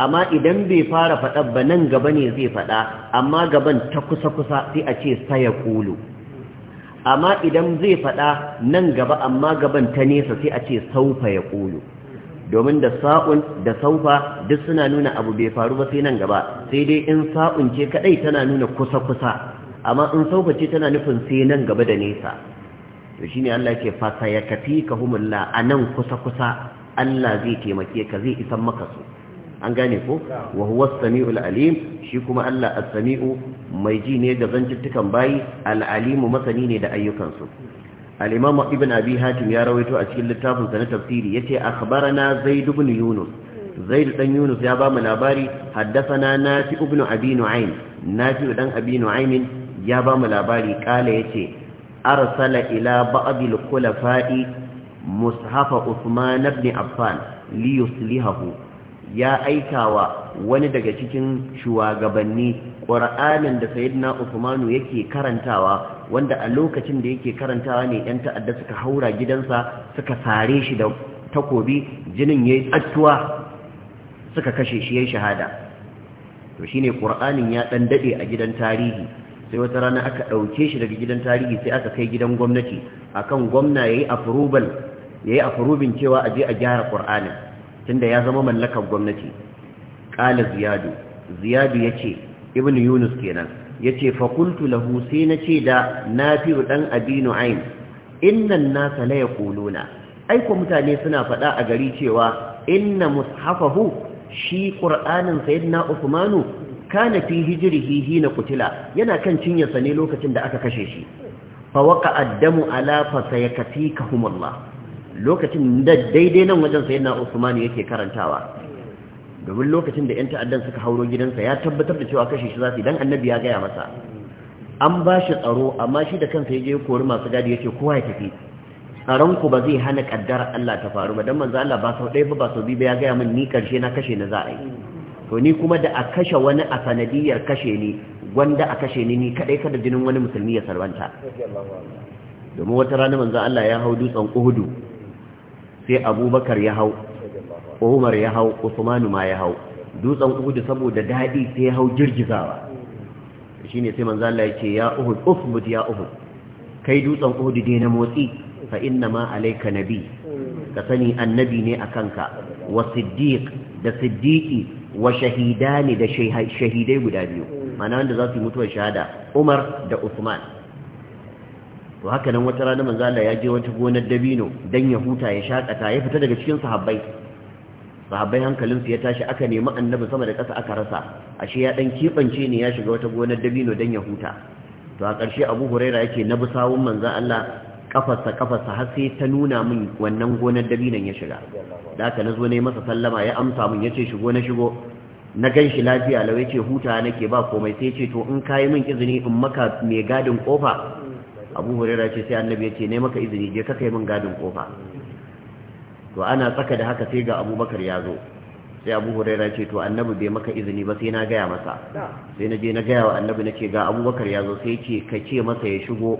amma idan bai fara faɗar ba nan gaba ne zai faɗa amma gaban ta kusa-kusa sai a ce sa ya ƙulu amma idan zai faɗa nan gaba amma gaban ta nesa sai a ce saufa ya koyo domin da sa'un da saufa duk suna nuna abu bai faru ba sai nan gaba sai dai in sa'un ce kadai tana nuna kusa-kusa amma in saufa ce tana nufin sai nan gaba da nesa to shine Allah ke fasa ya kafi ka humulla a nan kusa-kusa Allah zai taimake ka zai isan maka su an gane ko wa huwa samiul alim shi kuma Allah as-sami'u mai ji ne da zancittukan bayi al'alimu masani ne da ayyukansu al'imamu ibn abi hatim ya rawaito a cikin littafinsa na tafsiri ya ce akhbarana zaid ibn yunus zaid dan yunus ya ba mu labari na nafi ibn abi na fi dan abi nu'aym ya ba mu labari kala yace arsala ila ba'd al mushafa usman ibn affan li yuslihahu ya aikawa wani daga cikin shugabanni ƙura'anin da sayyidina usmanu yake karantawa wanda a lokacin da yake karantawa ne yan ta'adda suka haura gidansa suka sare shi da takobi jinin yi tsattuwa suka kashe shi yayi shahada to shine ƙura'anin ya ɗan daɗe a gidan tarihi sai wata rana aka ɗauke shi daga gidan tarihi sai aka kai gidan gwamnati akan gwamna ya yi afurubin approving cewa aje a gyara ƙura'anin tunda ya zama mallakar gwamnati ƙala ziyadu ziyadu ya ce. ibn yunus kenan yace fa qultu lahu sai nace da nafi'u dan abinu ain innan nas la yaquluna ai ko mutane suna faɗa a gari cewa inna mushafahu shi qur'anin sayyidina usmanu kana fi hijrihi hina kutila yana kan sa ne lokacin da aka kashe shi fa waqa addamu ala fa sayakatikahumullah lokacin da daidai nan wajen sayyidina usmanu yake karantawa domin lokacin da 'yan ta'addan suka hauro gidansa ya tabbatar da cewa kashe shi za su yi, don annabi ya gaya masa an ba shi tsaro amma shi da kansa ya je kori masu gadi ya ce kowa ya tafi tsaron ku ba zai hana kaddar Allah ta faru ba dan manzo Allah ba sau ɗaya ba sau biyu ba ya gaya min ni karshe na kashe na za a yi to ni kuma da a kashe wani a sanadiyar kashe ni gwanda a kashe ni ni kaɗai kada jinin wani musulmi ya sarwanta domin wata rana manzo Allah ya hau dutsen Uhudu sai Abubakar ya hau umar ya hau usmanu ma ya hau dutsen uhud saboda daɗi sai ya hau girgizawa shine sai manzo Allah ya ce ya uhud usbut ya uhud kai dutsen uhud dai na motsi fa inna ma alayka nabi ka sani annabi ne akan ka wa siddiq da siddiqi wa shahidani da shahidai guda biyu mana wanda za su mutuwar shahada umar da usman to haka nan wata rana manzo Allah ya je wata gonar dabino dan ya huta ya shakata ya fita daga cikin sahabbai hankalin su ya tashi aka nemi annabi sama da ƙasa aka rasa ashe ya dan kibance ne ya shiga wata gonar dabino dan ya huta to a ƙarshe Abu Huraira yake na bi sawun manzon Allah kafarsa kafarsa har sai ta nuna min wannan gonar dabinon ya shiga da aka nazo ne masa sallama ya amsa min yace shigo na shigo na gan shi lafiya lau yace huta nake ba komai sai yace to in kayi min izini in maka mai gadin kofa Abu Huraira ce sai annabi yace ne maka izini je ka kai min gadin kofa to ana tsaka da haka sai ga abubakar ya zo sai abu huraira ce to annabi bai maka izini ba sai na gaya masa sai na je na gaya wa annabi na ce ga abubakar ya zo sai ce ka ce masa ya shigo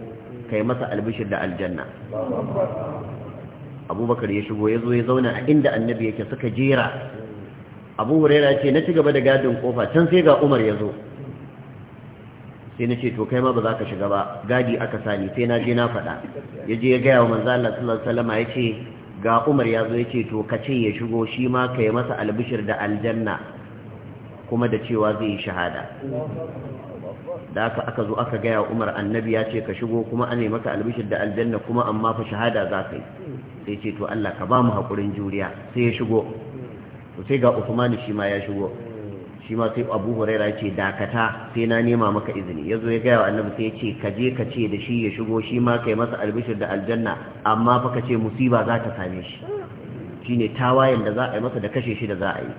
kai masa albishir da aljanna abubakar ya shigo ya zo ya zauna a inda annabi yake suka jera abu huraira ce na ci gaba da gadin kofa can sai ga umar ya zo sai na ce to kai ma ba za ka shiga ba gadi aka sani sai na je na faɗa ya je ya gaya wa manzo Allah sallallahu alaihi wasallam ya ce ga umar ya zo ya ce to ka ce ya shigo shi ma ka yi masa albishir da aljanna kuma da cewa zai yi shahada da aka aka zo aka gaya umar annabi ya ce ka shigo kuma an yi maka albishir da aljanna kuma amma fa shahada za ka yi sai ce to Allah ka ba mu haƙurin juriya sai ya shigo sai ga Uthman shi ma ya shigo shi ma sai abu huraira ce dakata sai na nema maka izini ya zo ya gaya wa annabi sai ya ce ka je ka ce da shi ya shigo shi ma kai masa albishir da aljanna amma fa ka ce musiba za ta same shi shine tawayen da za a yi masa da kashe shi da za a yi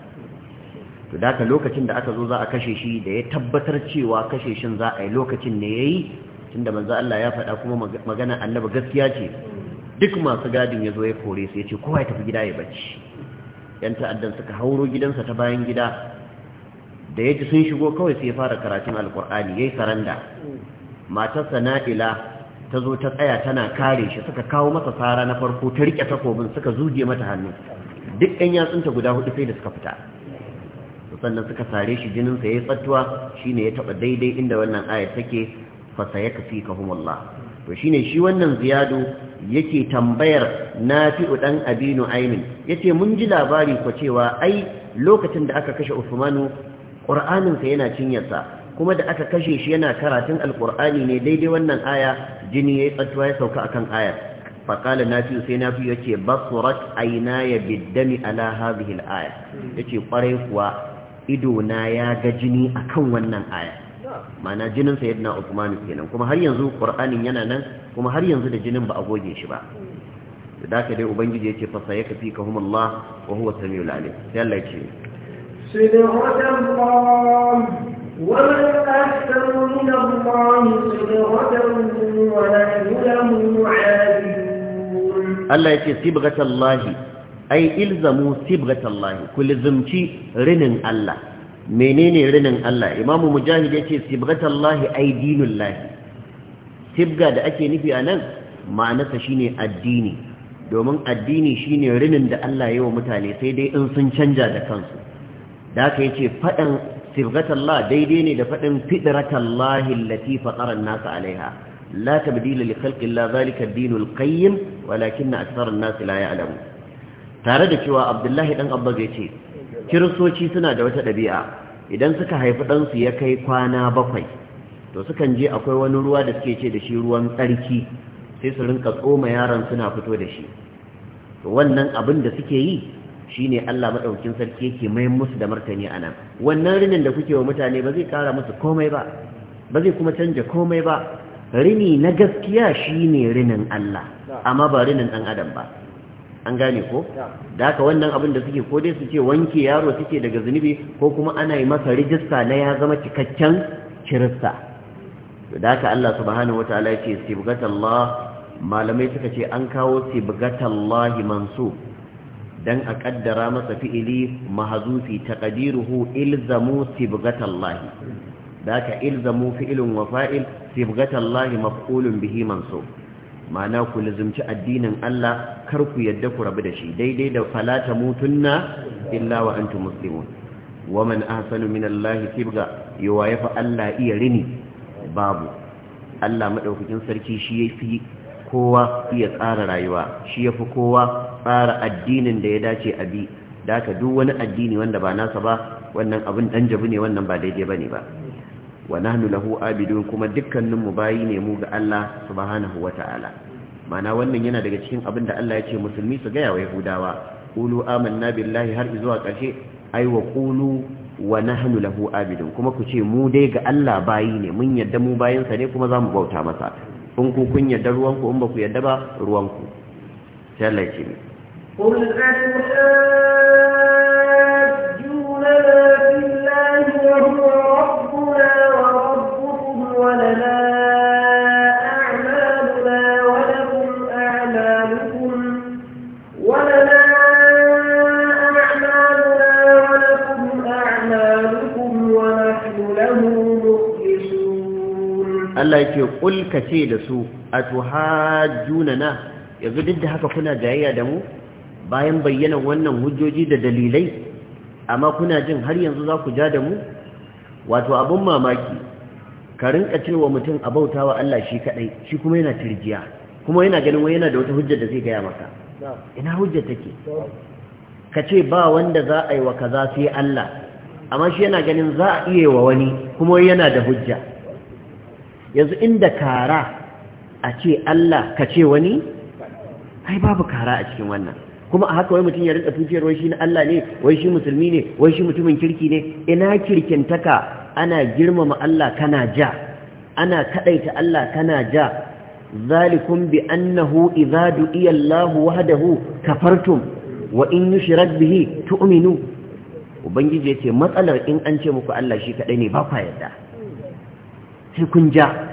to da lokacin da aka zo za a kashe shi da ya tabbatar cewa kashe shin za a yi lokacin ne yayi tunda manzo Allah ya faɗa kuma magana annabi gaskiya ce duk masu gadin ya zo ya kore su ya ce kowa ya tafi gida ya bacci yan ta'addan suka hauro gidansa ta bayan gida da ya ji sun shigo kawai sai ya fara karatun alkur'ani ya yi saranda matarsa na'ila ta zo ta tsaya tana kare shi suka kawo masa sara na farko ta riƙe takobin suka zuge mata hannu duk ɗan yatsunta guda hudu sai da suka fita sannan suka sare shi jininsa ya yi tsattuwa shine ya taɓa daidai inda wannan ayar take fasa ya kafi kahumullah to shine shi wannan ziyadu yake tambayar nafi'u dan abinu aimin ce mun ji labari ko cewa ai lokacin da aka kashe usmanu ƙur'aninsa yana cinyarsa kuma da aka kashe shi yana karatun alƙur'ani ne daidai wannan aya jini ya yi tsattuwa ya sauka akan ayar faƙala na fiye sai na fiye yake basurat aina ya biddami ala hazihil aya ya ce ƙwarai kuwa idona ya ga jini akan wannan aya mana jinin sayyidina Uthman kenan kuma har yanzu Qur'anin yana nan kuma har yanzu da jinin ba a goge shi ba da haka dai ubangiji yace fa sayaka fika humullah wa huwa samiul alim sai Allah ya ce صبغة الله ومن أحسن من الله صبغة ونحن له عابدون الله يكي صبغة الله أي إلزموا صبغة الله كل زمتي menene rinin Allah imamu mujahid yace sibratallahi ai dinullahi sibga da ake nufi anan ma'anarsa shine addini domin addini shine rinin da Allah ya wa mutane sai dai in sun canja da kansu da aka yi ce faɗin sirgatallah daidai ne da faɗin fidratallahi allati fatara an alaiha la tabdila li khalqillah zalika dinul qayyim walakin akthara an-nas la ya'lamu tare da cewa abdullahi dan abba ya ce kiristoci suna da wata ɗabi'a idan suka haifi ɗansu ya kai kwana bakwai to sukan je akwai wani ruwa da suke ce da shi ruwan tsarki sai su rinka tsoma yaron suna fito da shi to wannan abin da suke yi shine Allah maɗaukin sarki yake mai musu da martani anan wannan rinin da kuke wa mutane ba zai kara musu komai ba ba zai kuma canja komai ba rini na gaskiya shine rinin Allah amma ba rinin dan adam ba an gane ko da haka wannan abin da suke ko dai su ce wanke yaro suke daga zunubi ko kuma ana yi masa rijista na ya zama cikakken kirista da haka Allah subhanahu wataala ya ce sibgatallah malamai suka ce an kawo sibgatallahi mansub dan a kaddara masa fi'ili mahzufi taqdiruhu ilzamu sibghatallahi daka ilzamu fi'ilun wa fa'il sibghatallahi maf'ulun bihi mansub ma'ana ku lazumci addinin Allah kar ku yadda ku rabu da shi daidai da falata mutunna illa wa antum muslimun wa man ahsanu minallahi sibgha yawa yafa Allah iya rini babu Allah madaukakin sarki shi yafi kowa iya tsara rayuwa shi ya fi kowa tsara addinin da ya dace a bi da aka duk wani addini wanda ba nasa ba wannan abin dan jabu ne wannan ba daidai ba ne ba wa nahnu lahu abidun kuma dukkanin mu bayi ne mu ga Allah subhanahu wataala mana wannan yana daga cikin abin da Allah ya ce musulmi su ga yawa yahudawa qulu amanna billahi har zuwa ƙarshe ai wa qulu wa nahnu lahu abidun kuma ku ce mu dai ga Allah bayi ne mun yadda mu bayansa ne kuma zamu bauta masa in ku kun yadda ruwanku in ba ku yadda ba ruwanku tallace ne قل أتحاجوننا Allah yake kulka da su na yanzu duk da haka kuna jayayya da mu bayan bayyana wannan hujjoji da dalilai amma kuna jin har yanzu za ku ja da mu wato abun mamaki ka rinka cewa mutum a wa Allah shi kadai shi kuma yana tirjiya kuma yana ganin wai yana da wata hujjar da zai gaya maka ina hujjar take ka ce ba wanda za a yi wa kaza sai Allah amma shi yana ganin za a iya wa wani kuma yana da hujja yanzu inda kara a ce Allah ka ce wani ai babu kara a cikin wannan kuma a haka wai mutum ya rika tuciyar wai shi na Allah ne wai shi musulmi ne wai shi mutumin kirki ne ina kirkintaka ana girmama Allah kana ja ana kadaita Allah kana ja zalikum bi annahu idza du'iya Allah wahdahu kafartum wa in yushrak bihi tu'minu ubangiji yace matsalar in an ce muku Allah shi kadai ne ba ku yadda sai kun ja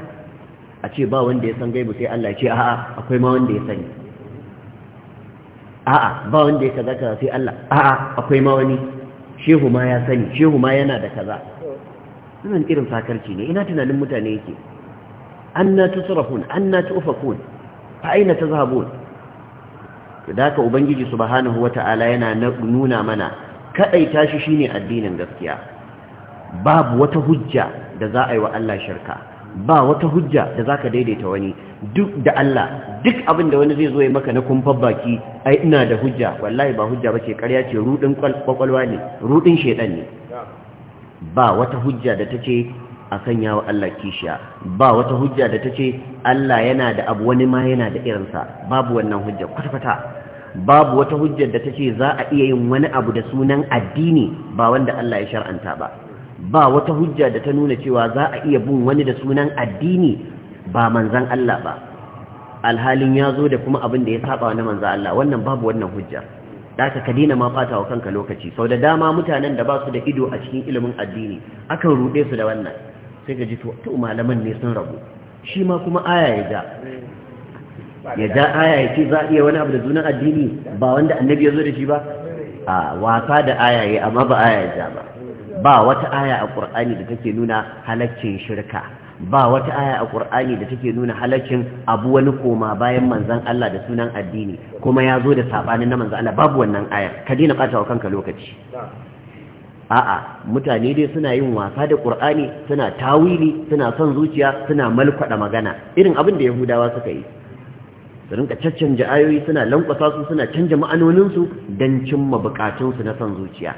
a ce ba wanda ya san gaibu sai Allah ce a'a akwai ma wanda ya sani a'a ba wanda ya kaza kaza sai Allah a'a akwai ma wani shehu ma ya sani shehu ma yana da kaza sunan irin sakarci ne ina tunanin mutane yake anna tusrafun anna tufakun fa aina tazhabun ka ubangiji subhanahu wata'ala yana nuna mana kadai shi shine addinin gaskiya babu wata hujja da za a yi wa Allah shirka ba wata hujja da za ka daidaita wani duk da Allah duk abin da wani zai zo ya maka na kumfar baki ai ina da hujja wallahi ba hujja bace ƙarya ce rudin kwakwalwa ne rudin shedan ne ba wata hujja da tace a sanya wa Allah kishiya ba wata hujja da tace Allah yana da abu wani ma yana da irinsa babu wannan hujja kwata-kwata babu wata hujjar da tace za a iya yin wani abu da sunan addini ba wanda Allah ya shar'anta ba ba wata hujja da ta nuna cewa za a iya bin wani da sunan addini ba manzan Allah ba alhalin ya zo da kuma abin da ya saba na manzan Allah wannan babu wannan hujja da ka dina ma fata wa kanka lokaci sau da dama mutanen da ba su da ido a cikin ilimin addini akan ruɗe su da wannan sai ka ji to malaman ne sun rabu shi ma kuma aya ya ja ya ja aya ya ce za a iya wani abu da sunan addini ba wanda annabi ya zo da shi ba a wasa da aya ya amma ba aya ya ja ba ba wata aya a ƙur'ani da take nuna halaccin shirka ba wata aya a ƙur'ani da take nuna halaccin abu wani koma bayan manzan Allah da sunan addini kuma ya zo da saɓanin na manzan Allah babu wannan aya ka dina kata wa kanka lokaci a'a mutane dai suna yin wasa da ƙur'ani suna tawili suna son zuciya suna malkwaɗa magana irin abin da yahudawa suka yi su rinka caccanja ayoyi suna lankwasa su suna canja ma'anoninsu don cimma bukatunsu na son zuciya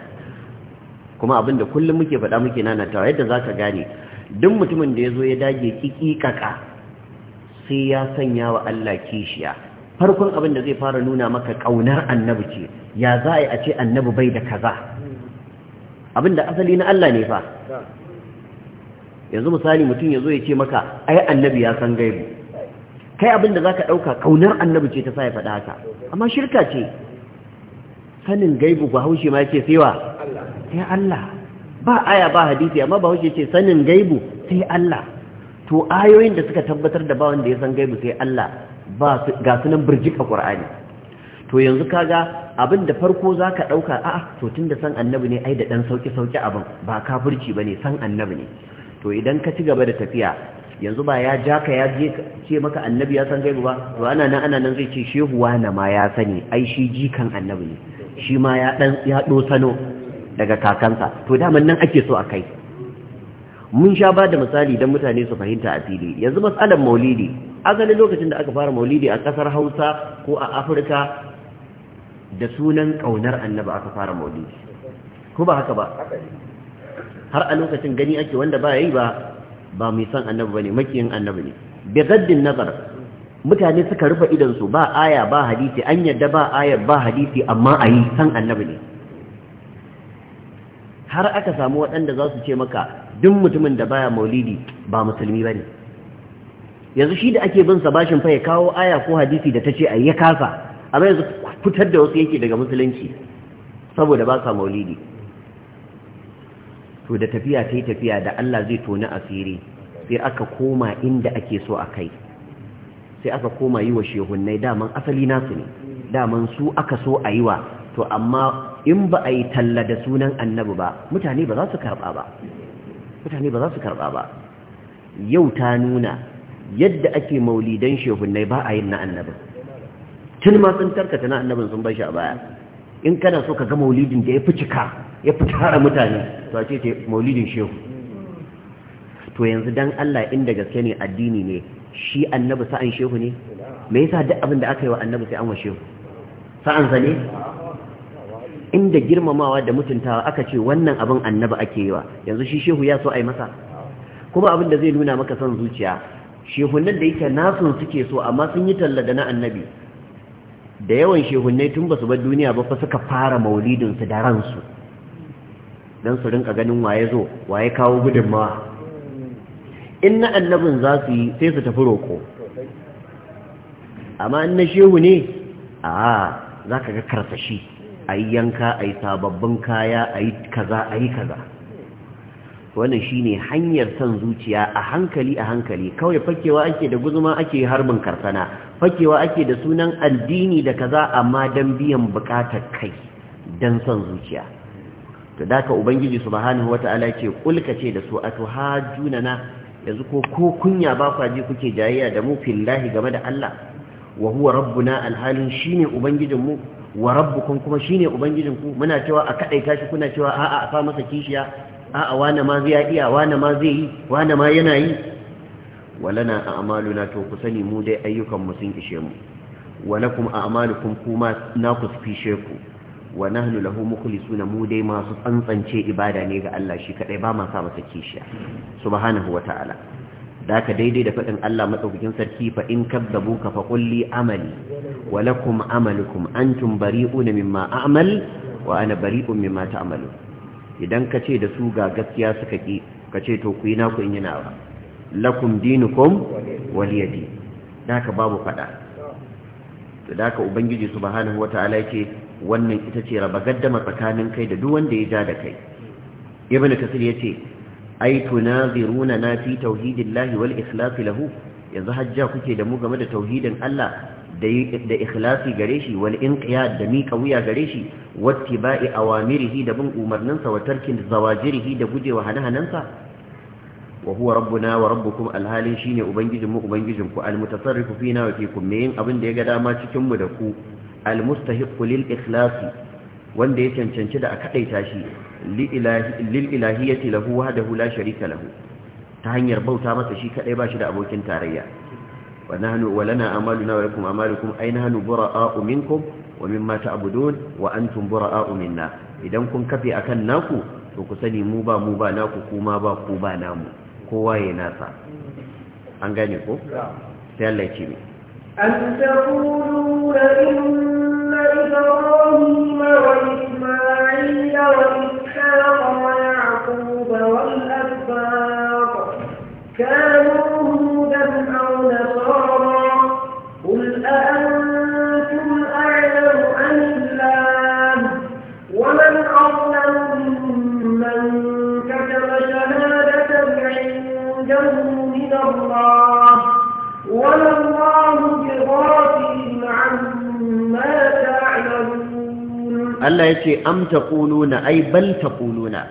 kuma abinda kullum muke faɗa muke nanatawa yadda za ka gane duk mutumin da ya zo ya dage kikikaka sai ya sanya wa Allah kishiya farkon abin da zai fara nuna maka ƙaunar annabi ce ya za a ce annabi bai da kaza abin da asali na Allah ne fa yanzu misali mutum ya zo ya ce maka ai annabi ya san gaibu kai abin da za ka ɗauka ƙaunar annabi ce ta sa ya faɗa haka amma shirka ce sanin gaibu ba haushe ma yake sewa sai Allah ba aya ba hadisi amma ba wuce ce sanin gaibu sai Allah to ayoyin da suka tabbatar da ba wanda ya san gaibu sai Allah ba ga sunan burjika Qur'ani to yanzu kaga abin da farko zaka dauka a to da san annabi ne ai da dan sauki sauki abin ba kafirci bane san annabi ne to idan ka ci gaba da tafiya yanzu ba ya ja ka ya je ce maka annabi ya san gaibu ba to ana nan ana nan zai ce shehu na ma ya sani ai shi jikan annabi ne shi ma ya dan ya do sano daga kakansa to daman nan ake so a kai mun sha ba da misali don mutane su fahimta a fili yanzu matsalar maulidi gani lokacin da aka fara maulidi a kasar hausa ko a afirka da sunan kaunar annaba aka fara maulidi ko ba haka ba har a lokacin gani ake wanda ba yi ba ba mai son annabi ba ne makiyin annabi ne gaddin nazar mutane suka rufe su ba aya ba hadisi an yadda ba aya ba hadisi amma a yi san annabi ne har aka samu waɗanda za su ce maka duk mutumin da baya maulidi ba musulmi ba ne? yanzu shi da ake bin sa bashin fa ya kawo aya ko hadisi da ta a yi ya kasa amma yanzu fitar da wasu yake daga musulunci saboda ba sa maulidi to da tafiya ta yi tafiya da Allah zai toni asiri sai aka koma inda ake so a kai sai aka koma yi wa shehunnai daman asali nasu ne daman su aka so a yi wa to amma in ba a yi talla da sunan annabi ba mutane ba za su karɓa ba mutane ba za su karɓa ba yau ta nuna yadda ake maulidan shehunai ba a yin na annabin tun ma sun tarkata na annabin sun bashi a baya in kana so ka ga maulidin da ya fi cika ya fi tara mutane to a ce maulidin shehu to yanzu dan Allah inda gaske ne addini ne shi annabi sa'an shehu ne me yasa duk abin da aka yi wa annabi sai an wa shehu sa'an sa ne inda girmamawa da mutuntawa aka ce wannan abin annaba ake yi wa yanzu shi shehu ya so a yi masa kuma abin da zai nuna maka son zuciya shehunan da yake nasun suke so amma sun yi talla da na annabi da yawan shehunnai tun ba su bar duniya ba fa suka fara maulidinsu da ransu don su rinka ganin waye zo waye kawo gudunmawa in na annabin za su yi sai su tafi roko amma in shehu ne a za ka ga karsashi a yi yanka a yi sababbin kaya a yi kaza a yi kaza wannan shine hanyar son zuciya a hankali a hankali kawai fakewa ake da guzuma ake harbin karsana fakewa ake da sunan addini da kaza amma don biyan bukatar kai don son zuciya ta daka ubangiji subhanahu wata'ala ce kulka ce da su a juna na yanzu ko ko kunya ba kwa kuke jayayya da mu fillahi game da Allah wa huwa rabbuna alhalin shine mu. wa rabbukum kuma shine ku muna cewa a kadaita shi kuna cewa a'a a fa masa kishiya a'a wani ma zai iya wani ma zai yi wani ma yana yi walana a'maluna to ku sani mu dai ayyukan mu sun ishe mu walakum a'malukum kuma na ku fishe ku wa nahnu lahu mukhlisuna mu dai masu tsantsance ibada ne ga Allah shi kadai ba ma sa masa kishiya subhanahu wataala da ka daidai da faɗin Allah maɗaukakin sarki fa in kadzabu ka fa qulli amali wa lakum amalukum antum bari'una mimma a'mal wa ana bari'un mimma ta'malu idan ka ce da su ga gaskiya suka ki ka ce to ku yi naku in yi nawa lakum dinukum waliyadi da ka babu faɗa to da ka ubangiji subhanahu wata'ala yake wannan ita ce raba gaddama tsakanin kai da duk wanda ya ja da kai ibnu kasir yace ai tunaziruna na fi tauhidillahi wal ikhlasi lahu yanzu hajja kuke da mu game da tauhidin Allah da ikhlasi gare shi wal inqiyad da mika wuya gare shi wattiba'i awamirihi da bin umarninsa wa tarkin zawajirihi da gujewa hanahanansa wa huwa rabbuna wa rabbukum alhalin shine ubangijin mu ubangijin ku almutasarrifu fina wa fikum me yin abin da ya ga dama cikin mu da ku almustahiqqu lil ikhlasi wanda ya cancanci da a kadaita shi lil ilahiyyati lahu wahdahu la sharika lahu ta hanyar bauta masa shi kadai ba shi da abokin tarayya wa nahnu wa lana amaluna wa lakum amalukum ay nahnu bura'a'u minkum wa mimma ta'budun wa antum bura'a'u minna idan kun kafe akan naku to ku sani mu ba mu ba naku kuma ba ku ba namu kowa ya nasa an gane ko sai Allah ya ce ni an إبراهيم وإسماعيل وإسحاق ويعقوب والأسباط كانوا هودا أو نصارى قل أأنتم أعلم أم الله ومن أظلم ممن كتب شهادة عنده من الله ولم Allah ya ce am taquluna ai bal taquluna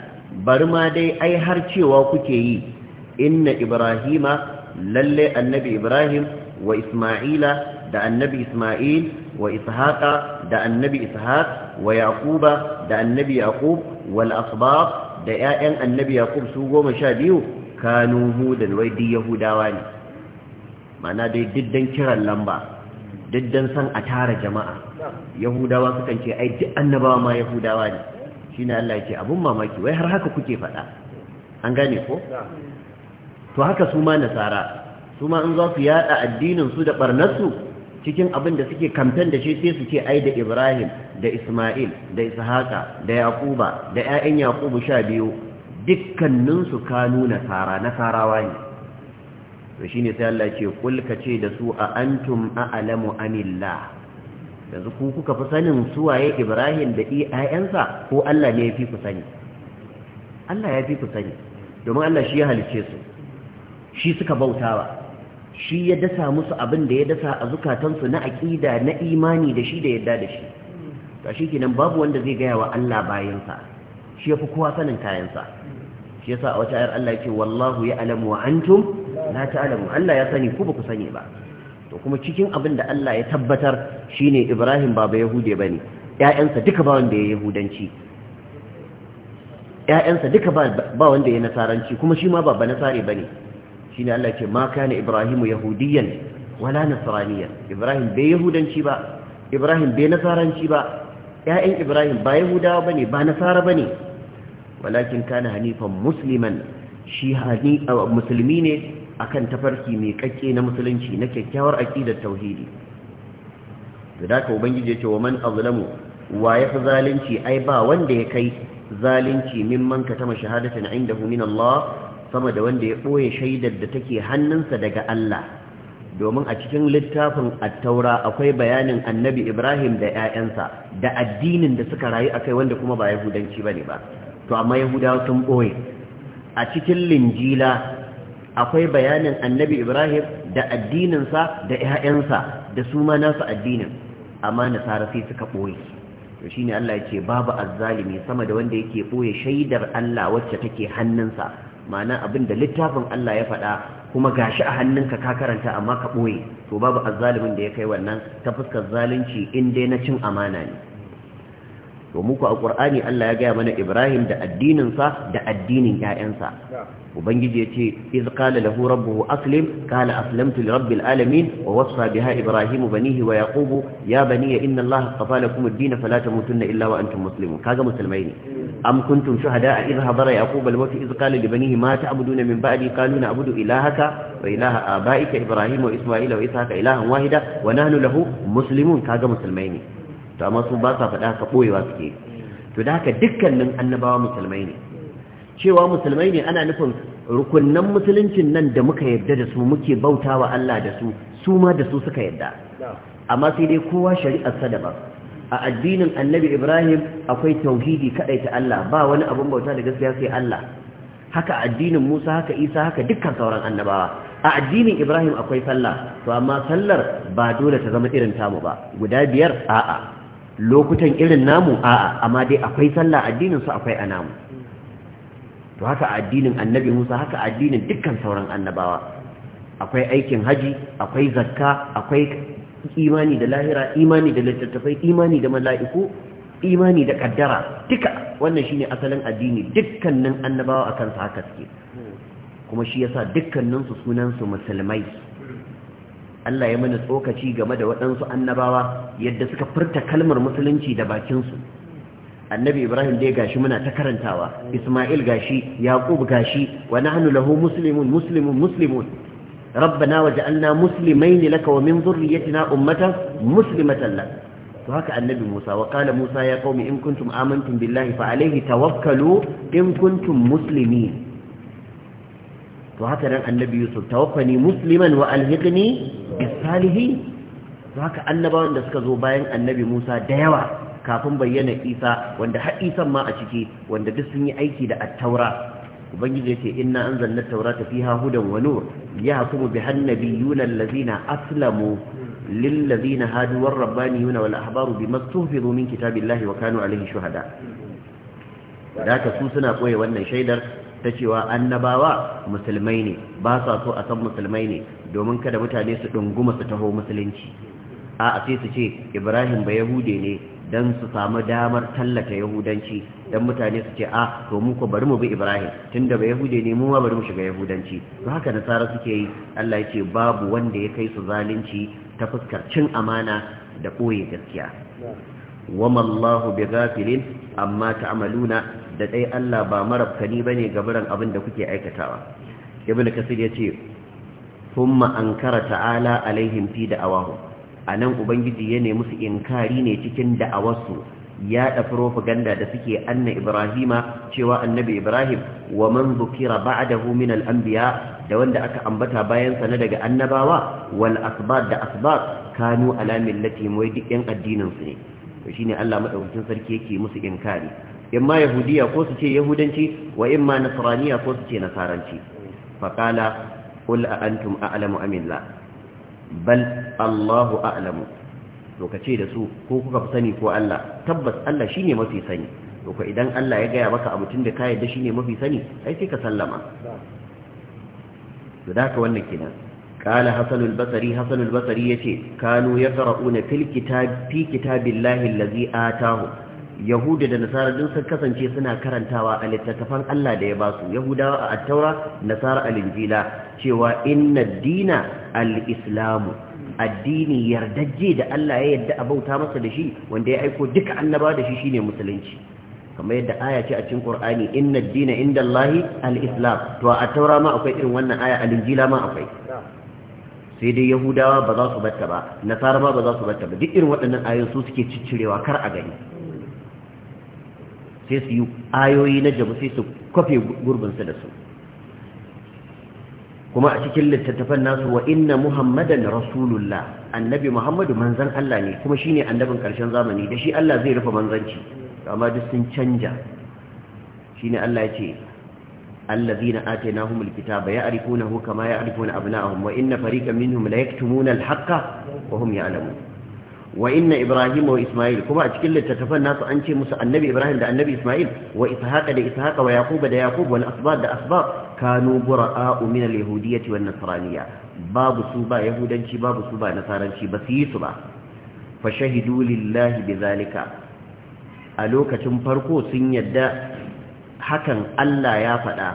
bari ma dai ai har cewa kuke yi inna ibrahima lalle annabi ibrahim wa isma'ila da annabi isma'il wa ishaqa da annabi ishaq wa yaquba da annabi yaqub wal asbab da ƴaƴan annabi yaqub su goma sha biyu kanu hudan wai duk yahudawa ne ma'ana dai diddan kiran lamba diddan san a tara jama'a yahudawa sukan ce ai duk annabawa ma yahudawa ne shine Allah yake abun mamaki wai har haka kuke faɗa an gane ko to haka su ma nasara su ma in za su yada addinin su da su, cikin abin da suke kamfen da shi sai su ce ai da Ibrahim da Ismail da Ishaqa da Yaquba da ƴaƴan Yaqubu sha biyu dukkanin su kanu nasara nasarawa ne to shine sai Allah ce kul kace da su a antum a'lamu anillah yanzu ku kuka fi sanin suwaye ibrahim da iyayensa ko allah ne ya fi ku sani allah ya fi ku sani domin allah shi ya halice su shi suka bautawa shi ya dasa musu abin da ya dasa a zukatansu na aƙida na imani da shi da yadda da shi ta shi kenan babu wanda zai gaya wa allah bayansa shi ya fi kowa sanin kayansa shi yasa a wata ayar allah ya ce wallahu ya alamu wa antum la ta'lamu allah ya sani ku ba ku sani ba to kuma cikin abin da Allah ya tabbatar shine Ibrahim baba Yahude ba ne. ƴaƴansa duka ba wanda ya Yahudanci ƴaƴansa duka ba wanda ya Nasaranci kuma shi ma baba Nasare ba bane shine Allah ya ce ma kana Ibrahim yahudiyan wala nasraniyan Ibrahim bai Yahudanci ba Ibrahim bai Nasaranci ba ƴaƴan Ibrahim ba Yahudawa ne, ba Nasara ba bane walakin kana hanifan musliman shi hani musulmi ne akan tafarki mai kakke na musulunci na kyakkyawar aqidar tauhidi to da ka ubangiji ya ce wa man azlamu wa yafi zalunci ai ba wanda ya kai zalunci mimman katama shahadatan indahu min Allah sama da wanda ya boye shaidar da take hannunsa daga Allah domin a cikin littafin taura akwai bayanin annabi Ibrahim da ƴaƴansa da addinin da suka rayu akai wanda kuma ba yahudanci bane ba to amma yahudawa sun boye a cikin linjila akwai bayanin annabi ibrahim da addininsa da 'ya'yansa da su ma nasu addinin amma nasara sai suka ɓoye to shine Allah ya ce babu azzalimi sama da wanda yake ɓoye shaidar Allah wacce take hannunsa ma'ana abin da littafin Allah ya faɗa kuma gashi a hannunka ka karanta amma ka ɓoye to babu azzalimin da ya kai wannan ta fuskar zalunci in dai na cin amana ne to muku a ƙur'ani Allah ya gaya mana Ibrahim da addininsa da addinin 'ya'yansa ubangiji ya ce iz qala lahu rabbuhu aslim qala aslamtu li rabbil alamin wa wasa biha ibrahim banihi wa yaqub ya bani inna allaha astafa lakum ad-din fala tamutunna illa wa antum muslimun kaga musulmai ne am kuntum shuhada iz hadara yaqub al-maut iz qala li banihi ma ta'buduna min ba'di qalu na'budu ilahaka wa ilaha abaika ibrahim wa isma'ila wa ishaqa ilahan wahida wa nahnu lahu muslimun kaga musulmai ne to amma su ba sa faɗa ka boyewa suke to da haka dukkanin annabawa musulmai ne cewa musulmai ne ana nufin rukunnan musuluncin nan da muka yarda da su muke bauta wa Allah da su su ma da su suka yarda amma sai dai kowa sa daban a addinin annabi ibrahim akwai tauhidi kadai ta Allah ba wani abun bauta da gaskiya sai Allah haka addinin musa haka isa haka dukkan sauran annabawa a addinin ibrahim akwai sallah to amma sallar ba dole ta zama irin tamu ba guda biyar a'a lokutan irin namu a'a amma dai akwai sallah addinin su akwai a namu to haka addinin annabi Musa haka addinin dukkan sauran annabawa akwai aikin haji akwai zakka akwai imani da lahira imani da littattafai imani da mala'iku imani da kaddara duka wannan shine asalin addini dukkanin annabawa akan sa haka suke kuma shi yasa dukkanin su sunan su musulmai Allah ya mana tsokaci game da waɗansu annabawa yadda suka furta kalmar musulunci da bakin su annabi ibrahim dai gashi muna ta karantawa isma'il gashi yaqub gashi wa nahnu lahu muslimun muslimun muslimun rabbana waj'alna muslimain laka wa min dhurriyyatina ummatan muslimatan lak to haka annabi musa wa qala musa ya qaumi in kuntum amantum billahi fa alayhi tawakkalu in kuntum muslimin to haka dan annabi yusuf tawakkani musliman wa alhiqni bis salihin to haka annabawan da suka zo bayan annabi musa da yawa kafin bayyana isa wanda haɗi ma a ciki wanda duk sun yi aiki da attaura Bangiji ya ce inna an zanna taura ta fi hahudan wano ya hakumu bi hannabi yunan lazina aslamu lillazina haduwar rabbani yuna wal ahbaru bi mastufi domin kitabillahi wa kanu alaihi shuhada da ka suna koya wannan shaidar ta cewa annabawa musulmai ne ba sa so a san musulmai ne domin kada mutane su ɗunguma su taho musulunci A'a sai su ce ibrahim ba yahude ne don su samu damar tallata yahudanci don mutane su ce a ah, to mu ko bari mu bi ibrahim tunda ba yahude ne mu ma bari mu shiga yahudanci to haka nasara suke yi Allah yake babu wanda ya kai su zalunci ta fuskar cin amana da koyi gaskiya wama Allahu bi ghafilin amma ta'maluna da dai Allah ba marabkani bane gaburan abin da kuke aikatawa ibnu kasir ya ce ankara ta'ala alaihim fi da'awahum a nan ubangiji ya nemi su inkari ne cikin da'awarsu ya da propaganda da suke anna ibrahima cewa annabi ibrahim wa man zukira ba'dahu min al-anbiya da wanda aka ambata bayan sa na daga annabawa wal asbab da asbab kanu ala millati wai yan addinin su ne to shine Allah madaukakin sarki yake musu inkari imma yahudiya ko su ce yahudanci wa imma nasraniya ko su ce nasaranci faqala qul a antum a'lamu amillah bal Allahu a'lamu to da su ko kuka fi sani ko Allah tabbas Allah shine mafi sani to ka idan Allah ya gaya maka abu da ka yarda shine mafi sani ai sai ka sallama to ka wannan kenan قال حسن البصري حسن البصري يتي كانوا يقرؤون في الكتاب في كتاب الله الذي آتاهم yahudu da nasara din sun kasance suna karantawa a littattafan Allah da ya basu. yahudawa a attaura nasara al-injila cewa inna dina al-islamu addini yardajje da Allah ya yadda a bauta masa da shi wanda ya aiko duka annaba da shi shine musulunci kamar yadda aya ce a cikin Qur'ani inna dina indallahi al-islam to a attaura ma akwai irin wannan aya al-injila ma akwai sai dai yahudawa ba za su batta ba nasara ba ba za su batta ba duk irin waɗannan ayoyi su suke ciccirewa kar a gani sai su yi ayoyi na jabu sai su kwafe gurbinsu da su kuma a cikin littattafan nasu wa inna muhammadan rasulullah annabi muhammadu manzan Allah ne kuma shine annabin karshen zamani da shi Allah zai rufe manzanci amma duk sun canja shine Allah ya ce الذين آتيناهم الكتاب يعرفونه wa inna أبناءهم وإن فريقا منهم ليكتمون wa وهم يعلمون wa inna ibrahim wa isma'il kuma a cikin littattafan nasu an ce musu annabi ibrahim da annabi isma'il wa ishaqa da ishaqa wa yaquba da yaqub wal asbab da asbab kanu bura'a'u min al-yahudiyyati wan nasraniyya babu su ba yahudanci babu su ba nasaranci ba su yi su ba fa shahidu lillahi bizalika a lokacin farko sun yadda hakan Allah ya faɗa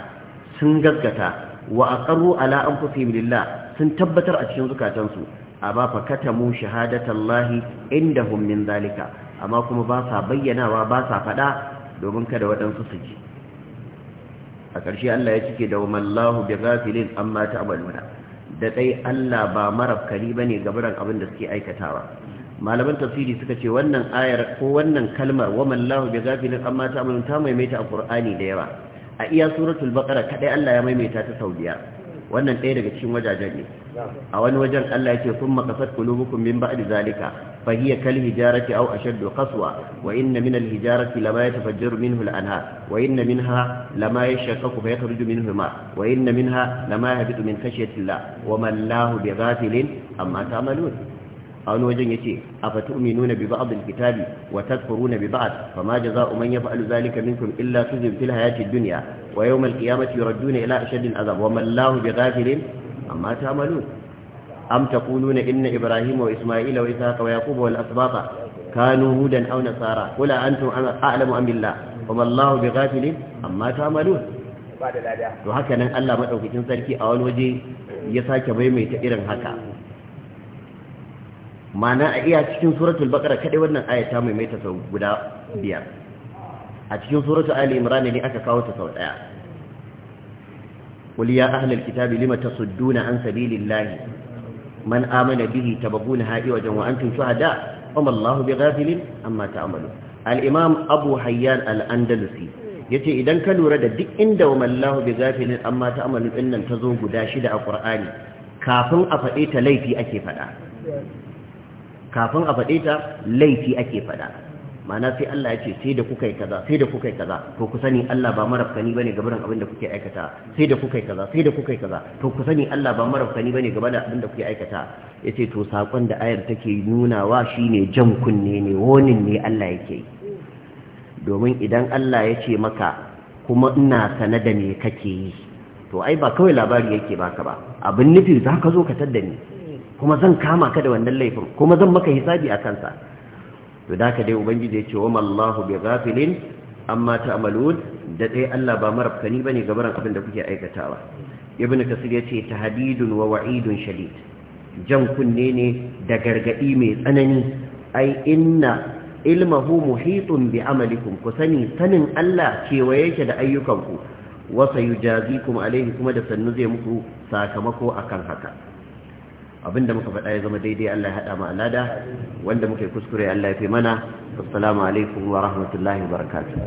sun gaggata, wa aqarru ala anfusihim lillah sun tabbatar a cikin zukatansu ba fa katamu shahadatallahi inda min zalika amma kuma ba sa bayyanawa ba sa fada domin kada waɗansu su ji a ƙarshe Allah ya cike da wallahu bi ghafilin amma ta'maluna da dai Allah ba marafkari bane gabaran abin da suke aikatawa malaman tafsiri suka ce wannan ayar ko wannan kalmar wallahu bi ghafilin amma ta'maluna ta maimaita a ƙurani da yawa a iya suratul baqara kaɗai Allah ya maimaita ta sau biyar wannan ɗaya daga cikin wajajen ne a wani wajen Allah yake kun makasar kulubukum min ba'di zalika fa hiya kal hijarati aw ashaddu qaswa wa inna min al hijarati lama yatafajjaru minhu al anhar wa inna minha lama yashaqqaqu fa yakhruju minhu ma wa inna minha lama yahbitu min khashyati Allah wa ma Allahu bighafilin amma ta'malun a wani wajen ya yace afatu'minuna bi ba'd al-kitabi wa tadfuruna bi ba'd fama jazaa'u man yaf'alu zalika minkum illa khizyun fil hayati ad-dunya wa yawm al-qiyamati yuradduna ila ashaddi al-'adhab wa ma Allahu bighafilin amma ta'malun am taquluna inna ibrahima wa isma'ila wa ishaqa wa yaquba wal asbata kanu hudan aw nasara qul antum a'lamu am billah wa ma Allahu bighafilin amma ta'malun to haka nan Allah madaukakin sarki a wani waje ya sake maimaita irin haka ma'ana a iya cikin suratul baqara kadai wannan aya ta maimaita sau guda biyar a cikin suratul ali imran ne aka kawo ta sau daya qul ya ahli kitabi lima tasudduna an sabilillahi man amana bihi tabghuna ha'i wajan wa antum shuhada wama allah bighafilin amma ta'malu al-imam abu hayyan al-andalusi yace idan ka lura da duk inda wama allah bighafilin amma ta'malu din nan tazo guda shida a qur'ani kafin a faɗe ta laifi ake faɗa kafin a faɗe ta laifi ake faɗa ma'ana sai Allah ya ce sai da kuka yi kaza sai da kuka yi kaza to ku sani Allah ba marafkani bane ga barin abin da kuke aikata sai da kuka yi kaza sai da kuka yi kaza to ku sani Allah ba marafkani bane ga barin abin da kuke aikata yace to sakon da ayar take wa shine jan kunne ne wonin ne Allah yake yi domin idan Allah ya ce maka kuma ina sana da me kake yi to ai ba kawai labari yake baka ba abin nufi za ka zo ka tadda ni kuma zan kama ka da wannan laifin kuma zan maka hisabi a kansa to da ka dai ubangiji ya ce wa mallahu bi ghafilin amma ta'malun da dai Allah ba marabtani bane gabaran abin da kuke aikatawa ibnu kasir ya ce tahdidun wa wa'idun shadid jan kunne ne da gargadi mai tsanani ai inna ilmahu muhitun bi amalikum ku sani sanin Allah kewaye yake da ayyukanku wasa yujazikum alaihi kuma da sannu zai muku sakamako akan haka abinda muka faɗa ya zama daidai Allah ya haɗa mu alada wanda muke kuskure Allah ya fi mana assalamu alaikum wa rahmatullahi wa barakatuh